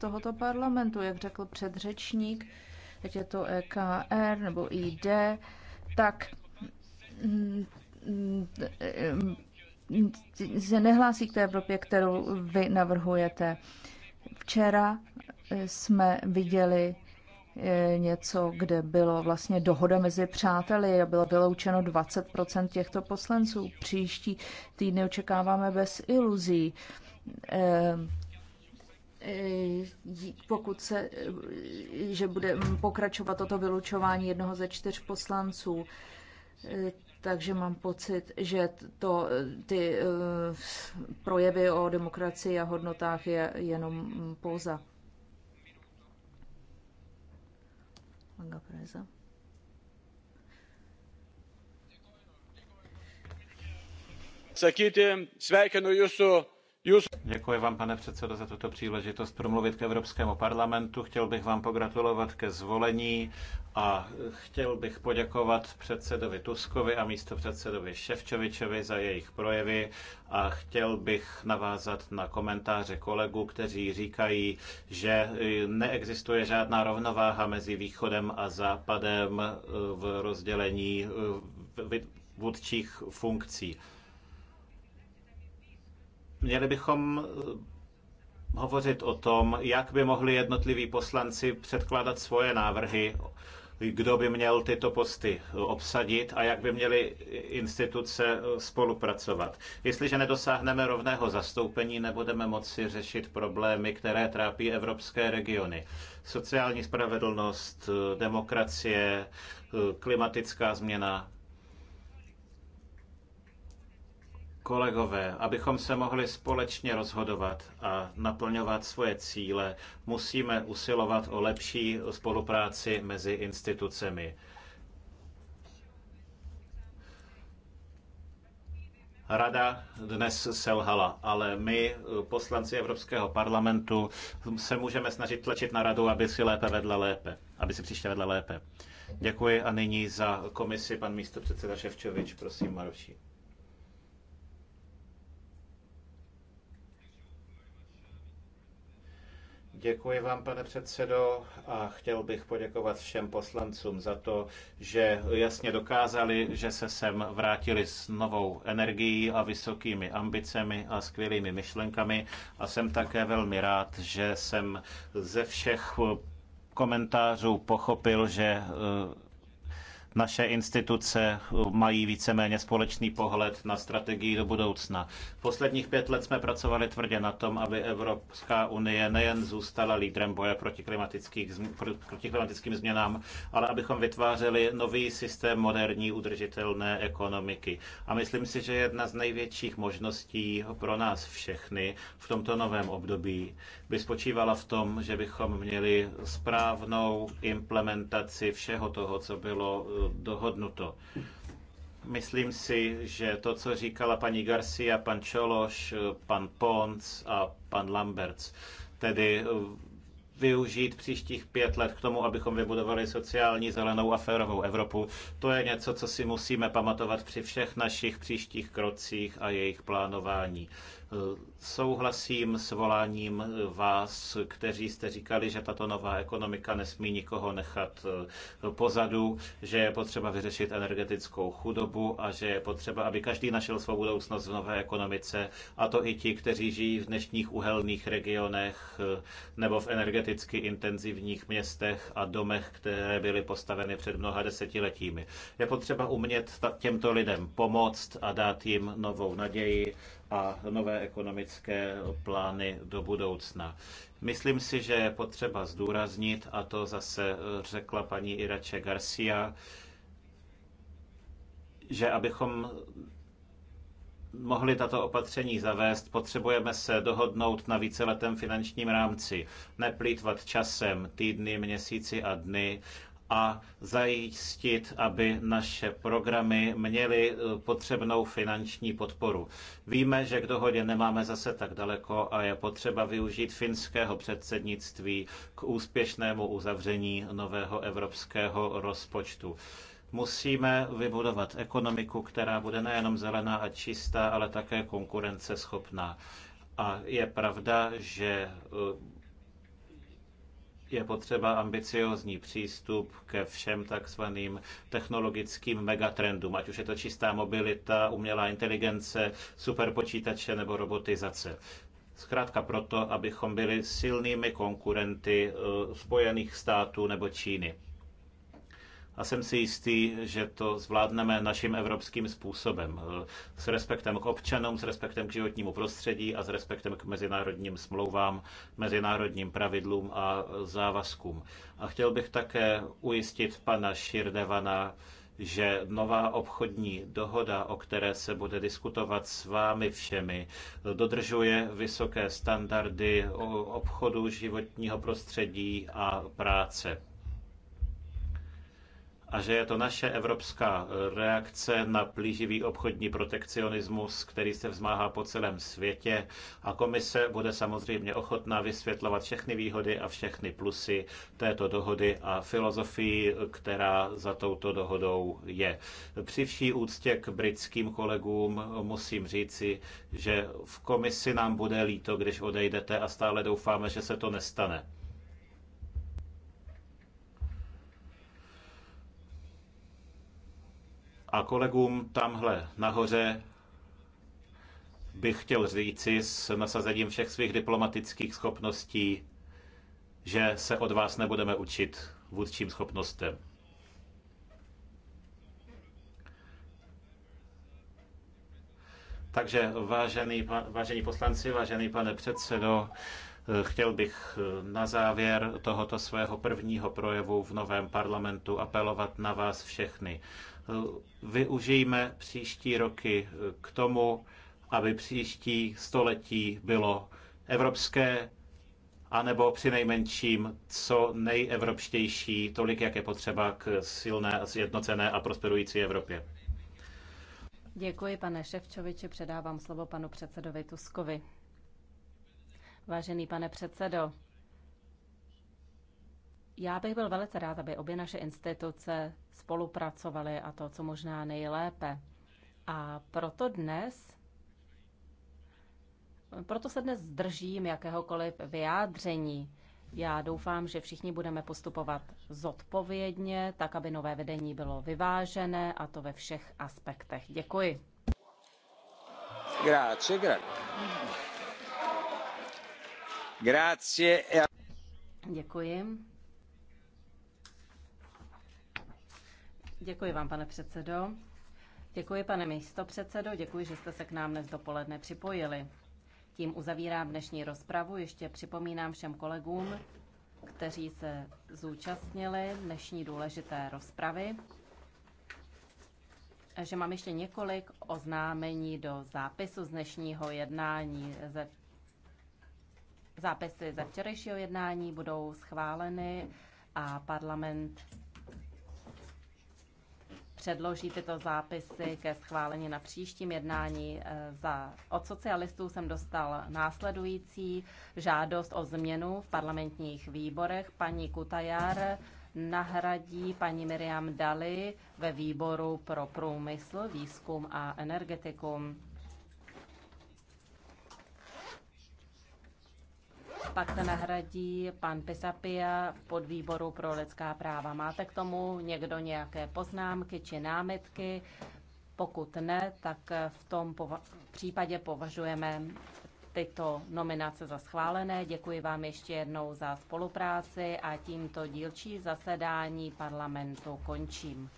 tohoto parlamentu, jak řekl předřečník, ať je to EKR nebo ID, tak mm, se nehlásí k té Evropě, kterou vy navrhujete. Včera eh, jsme viděli něco, kde bylo vlastně dohoda mezi přáteli a bylo vyloučeno 20 těchto poslanců. Příští týdny očekáváme bez iluzí. Ehm, e, pokud se, že bude pokračovat toto vylučování jednoho ze čtyř poslanců, e, takže mám pocit, že to, ty e, projevy o demokracii a hodnotách je jenom pouza. manga preza. Sakyti, sveikinu jūsų Děkuji vám, pane předsedo, za tuto příležitost promluvit k Evropskému parlamentu. Chtěl bych vám pogratulovat ke zvolení a chtěl bych poděkovat předsedovi Tuskovi a místo předsedovi Ševčovičovi za jejich projevy a chtěl bych navázat na komentáře kolegů, kteří říkají, že neexistuje žádná rovnováha mezi východem a západem v rozdělení vůdčích funkcí. Měli bychom eh, hovořit o tom, jak by mohli jednotliví poslanci předkládat svoje návrhy, kdo by měl tyto posty eh, obsadit a jak by měly instituce eh, spolupracovat. Jestliže nedosáhneme rovného zastoupení, nebudeme moci řešit problémy, které trápí evropské regiony. Sociální spravedlnost, demokracie, klimatická změna Kolegové, abychom se mohli společně rozhodovat a naplňovat svoje cíle, musíme usilovat o lepší spolupráci mezi institucemi. Rada dnes selhala, ale my, poslanci Evropského parlamentu, se můžeme snažit tlačit na radu, aby si lépe vedla lépe, aby si příště vedla lépe. Děkuji a nyní za komisi pan místo předseda Ševčovič, prosím Maroši. Děkuji vám, pane předsedo, a chtěl bych poděkovat všem poslancům za to, že jasně dokázali, že se sem vrátili s novou energií a vysokými ambicemi a skvělými myšlenkami. A jsem také velmi rád, že jsem ze všech komentářů pochopil, že naše instituce eh, mají víceméně společný pohled na strategii do budoucna. V posledních pět let jsme pracovali tvrdě na tom, aby Evropská unie nejen zůstala lídrem boje proti, klimatických, proti klimatickým změnám, ale abychom vytvářeli nový systém moderní udržitelné ekonomiky. A myslím si, že jedna z největších možností pro nás všechny v tomto novém období by spočívala v tom, že bychom měli správnou implementaci všeho toho, co bylo eh, dohodnuto. Myslím si, že to, co říkala paní Garcia, pan Čološ, pan Pons a pan Lamberts, tedy využít příštích pět let k tomu, abychom vybudovali sociální, zelenou a férovou Evropu. To je něco, co si musíme pamatovat při všech našich příštích krocích a jejich plánování. Souhlasím s voláním vás, kteří jste říkali, že tato nová ekonomika nesmí nikoho nechat pozadu, že je potřeba vyřešit energetickou chudobu a že je potřeba, aby každý našel svou budoucnost v nové ekonomice, a to i ti, kteří žijí v dnešních uhelných regionech nebo v energetických energeticky intenzivních městech a domech, které byly postaveny před mnoha desetiletími. Je potřeba umět těmto lidem pomoct a dát jim novou naději a nové ekonomické plány do budoucna. Myslím si, že je potřeba zdůraznit, a to zase eh, řekla paní Irače Garcia, že abychom mohli tato opatření zavést, potřebujeme se dohodnout na víceletém finančním rámci, neplýtvat časem, týdny, měsíci a dny a zajistit, aby naše programy měly eh, potřebnou finanční podporu. Víme, že k dohodě nemáme zase tak daleko a je potřeba využít finského předsednictví k úspěšnému uzavření nového evropského rozpočtu. Musíme vybudovat ekonomiku, která bude nejenom zelená a čistá, ale také konkurenceschopná. A je pravda, že eh, je potřeba ambiciozní přístup ke všem takzvaným technologickým megatrendům, ať už je to čistá mobilita, umělá inteligence, superpočítače nebo robotizace. Zkrátka proto, abychom byli silnými konkurenty eh, Spojených států nebo Číny a jsem si jistý, že to zvládneme naším evropským způsobem. S respektem k občanům, s respektem k životnímu prostředí a s respektem k mezinárodním smlouvám, mezinárodním pravidlům a závazkům. A chtěl bych také ujistit pana Širdevana, že nová obchodní dohoda, o které se bude diskutovat s vámi všemi, dodržuje vysoké standardy obchodu, životního prostředí a práce a že je to naše evropská reakce na plíživý obchodní protekcionismus, který se vzmáhá po celém světě a komise bude samozřejmě ochotná vysvětlovat všechny výhody a všechny plusy této dohody a filozofii, která za touto dohodou je. Při vší úctě k britským kolegům musím říci, že v komisi nám bude líto, když odejdete a stále doufáme, že se to nestane. A kolegům tamhle nahoře bych chtěl říci s nasazením všech svých diplomatických schopností, že se od vás nebudeme učit vůdčím schopnostem. Takže vážený, vážení poslanci, vážený pane předsedo, chtěl bych na závěr tohoto svého prvního projevu v novém parlamentu apelovat na vás všechny, Eh, využijme příští roky eh, k tomu, aby příští století bylo evropské, anebo při nejmenším co nejevropštější, tolik, jak je potřeba k silné, zjednocené a prosperující Evropě. Děkuji, pane Ševčoviči. Předávám slovo panu předsedovi Tuskovi. Vážený pane předsedo, já bych byl velice rád, aby obě naše instituce spolupracovali a to, co možná nejlépe. A proto dnes, proto se dnes zdržím jakéhokoliv vyjádření. Já doufám, že všichni budeme postupovat zodpovědně, tak aby nové vedení bylo vyvážené a to ve všech aspektech. Děkuji. Grazie, grazie. Grazie. Děkuji. Děkuji vám, pane předsedo. Děkuji, pane místo předsedo. Děkuji, že jste se k nám dnes dopoledne připojili. Tím uzavírám dnešní rozpravu. Ještě připomínám všem kolegům, kteří se zúčastnili dnešní důležité rozpravy, že mám ještě několik oznámení do zápisu z dnešního jednání. Ze zápisy ze včerejšího jednání budou schváleny a parlament předloží tyto zápisy ke schválení na příštím jednání. Eh, za, od socialistů jsem dostal následující žádost o změnu v parlamentních výborech. Paní Kutajar nahradí paní Miriam Dali ve výboru pro průmysl, výzkum a energetiku. pak nahradí pan Pisapia v podvýboru pro lidská práva. Máte k tomu někdo nějaké poznámky či námitky? Pokud ne, tak v tom případě považujeme tyto nominace za schválené. Děkuji vám ještě jednou za spolupráci a tímto dílčí zasedání parlamentu končím.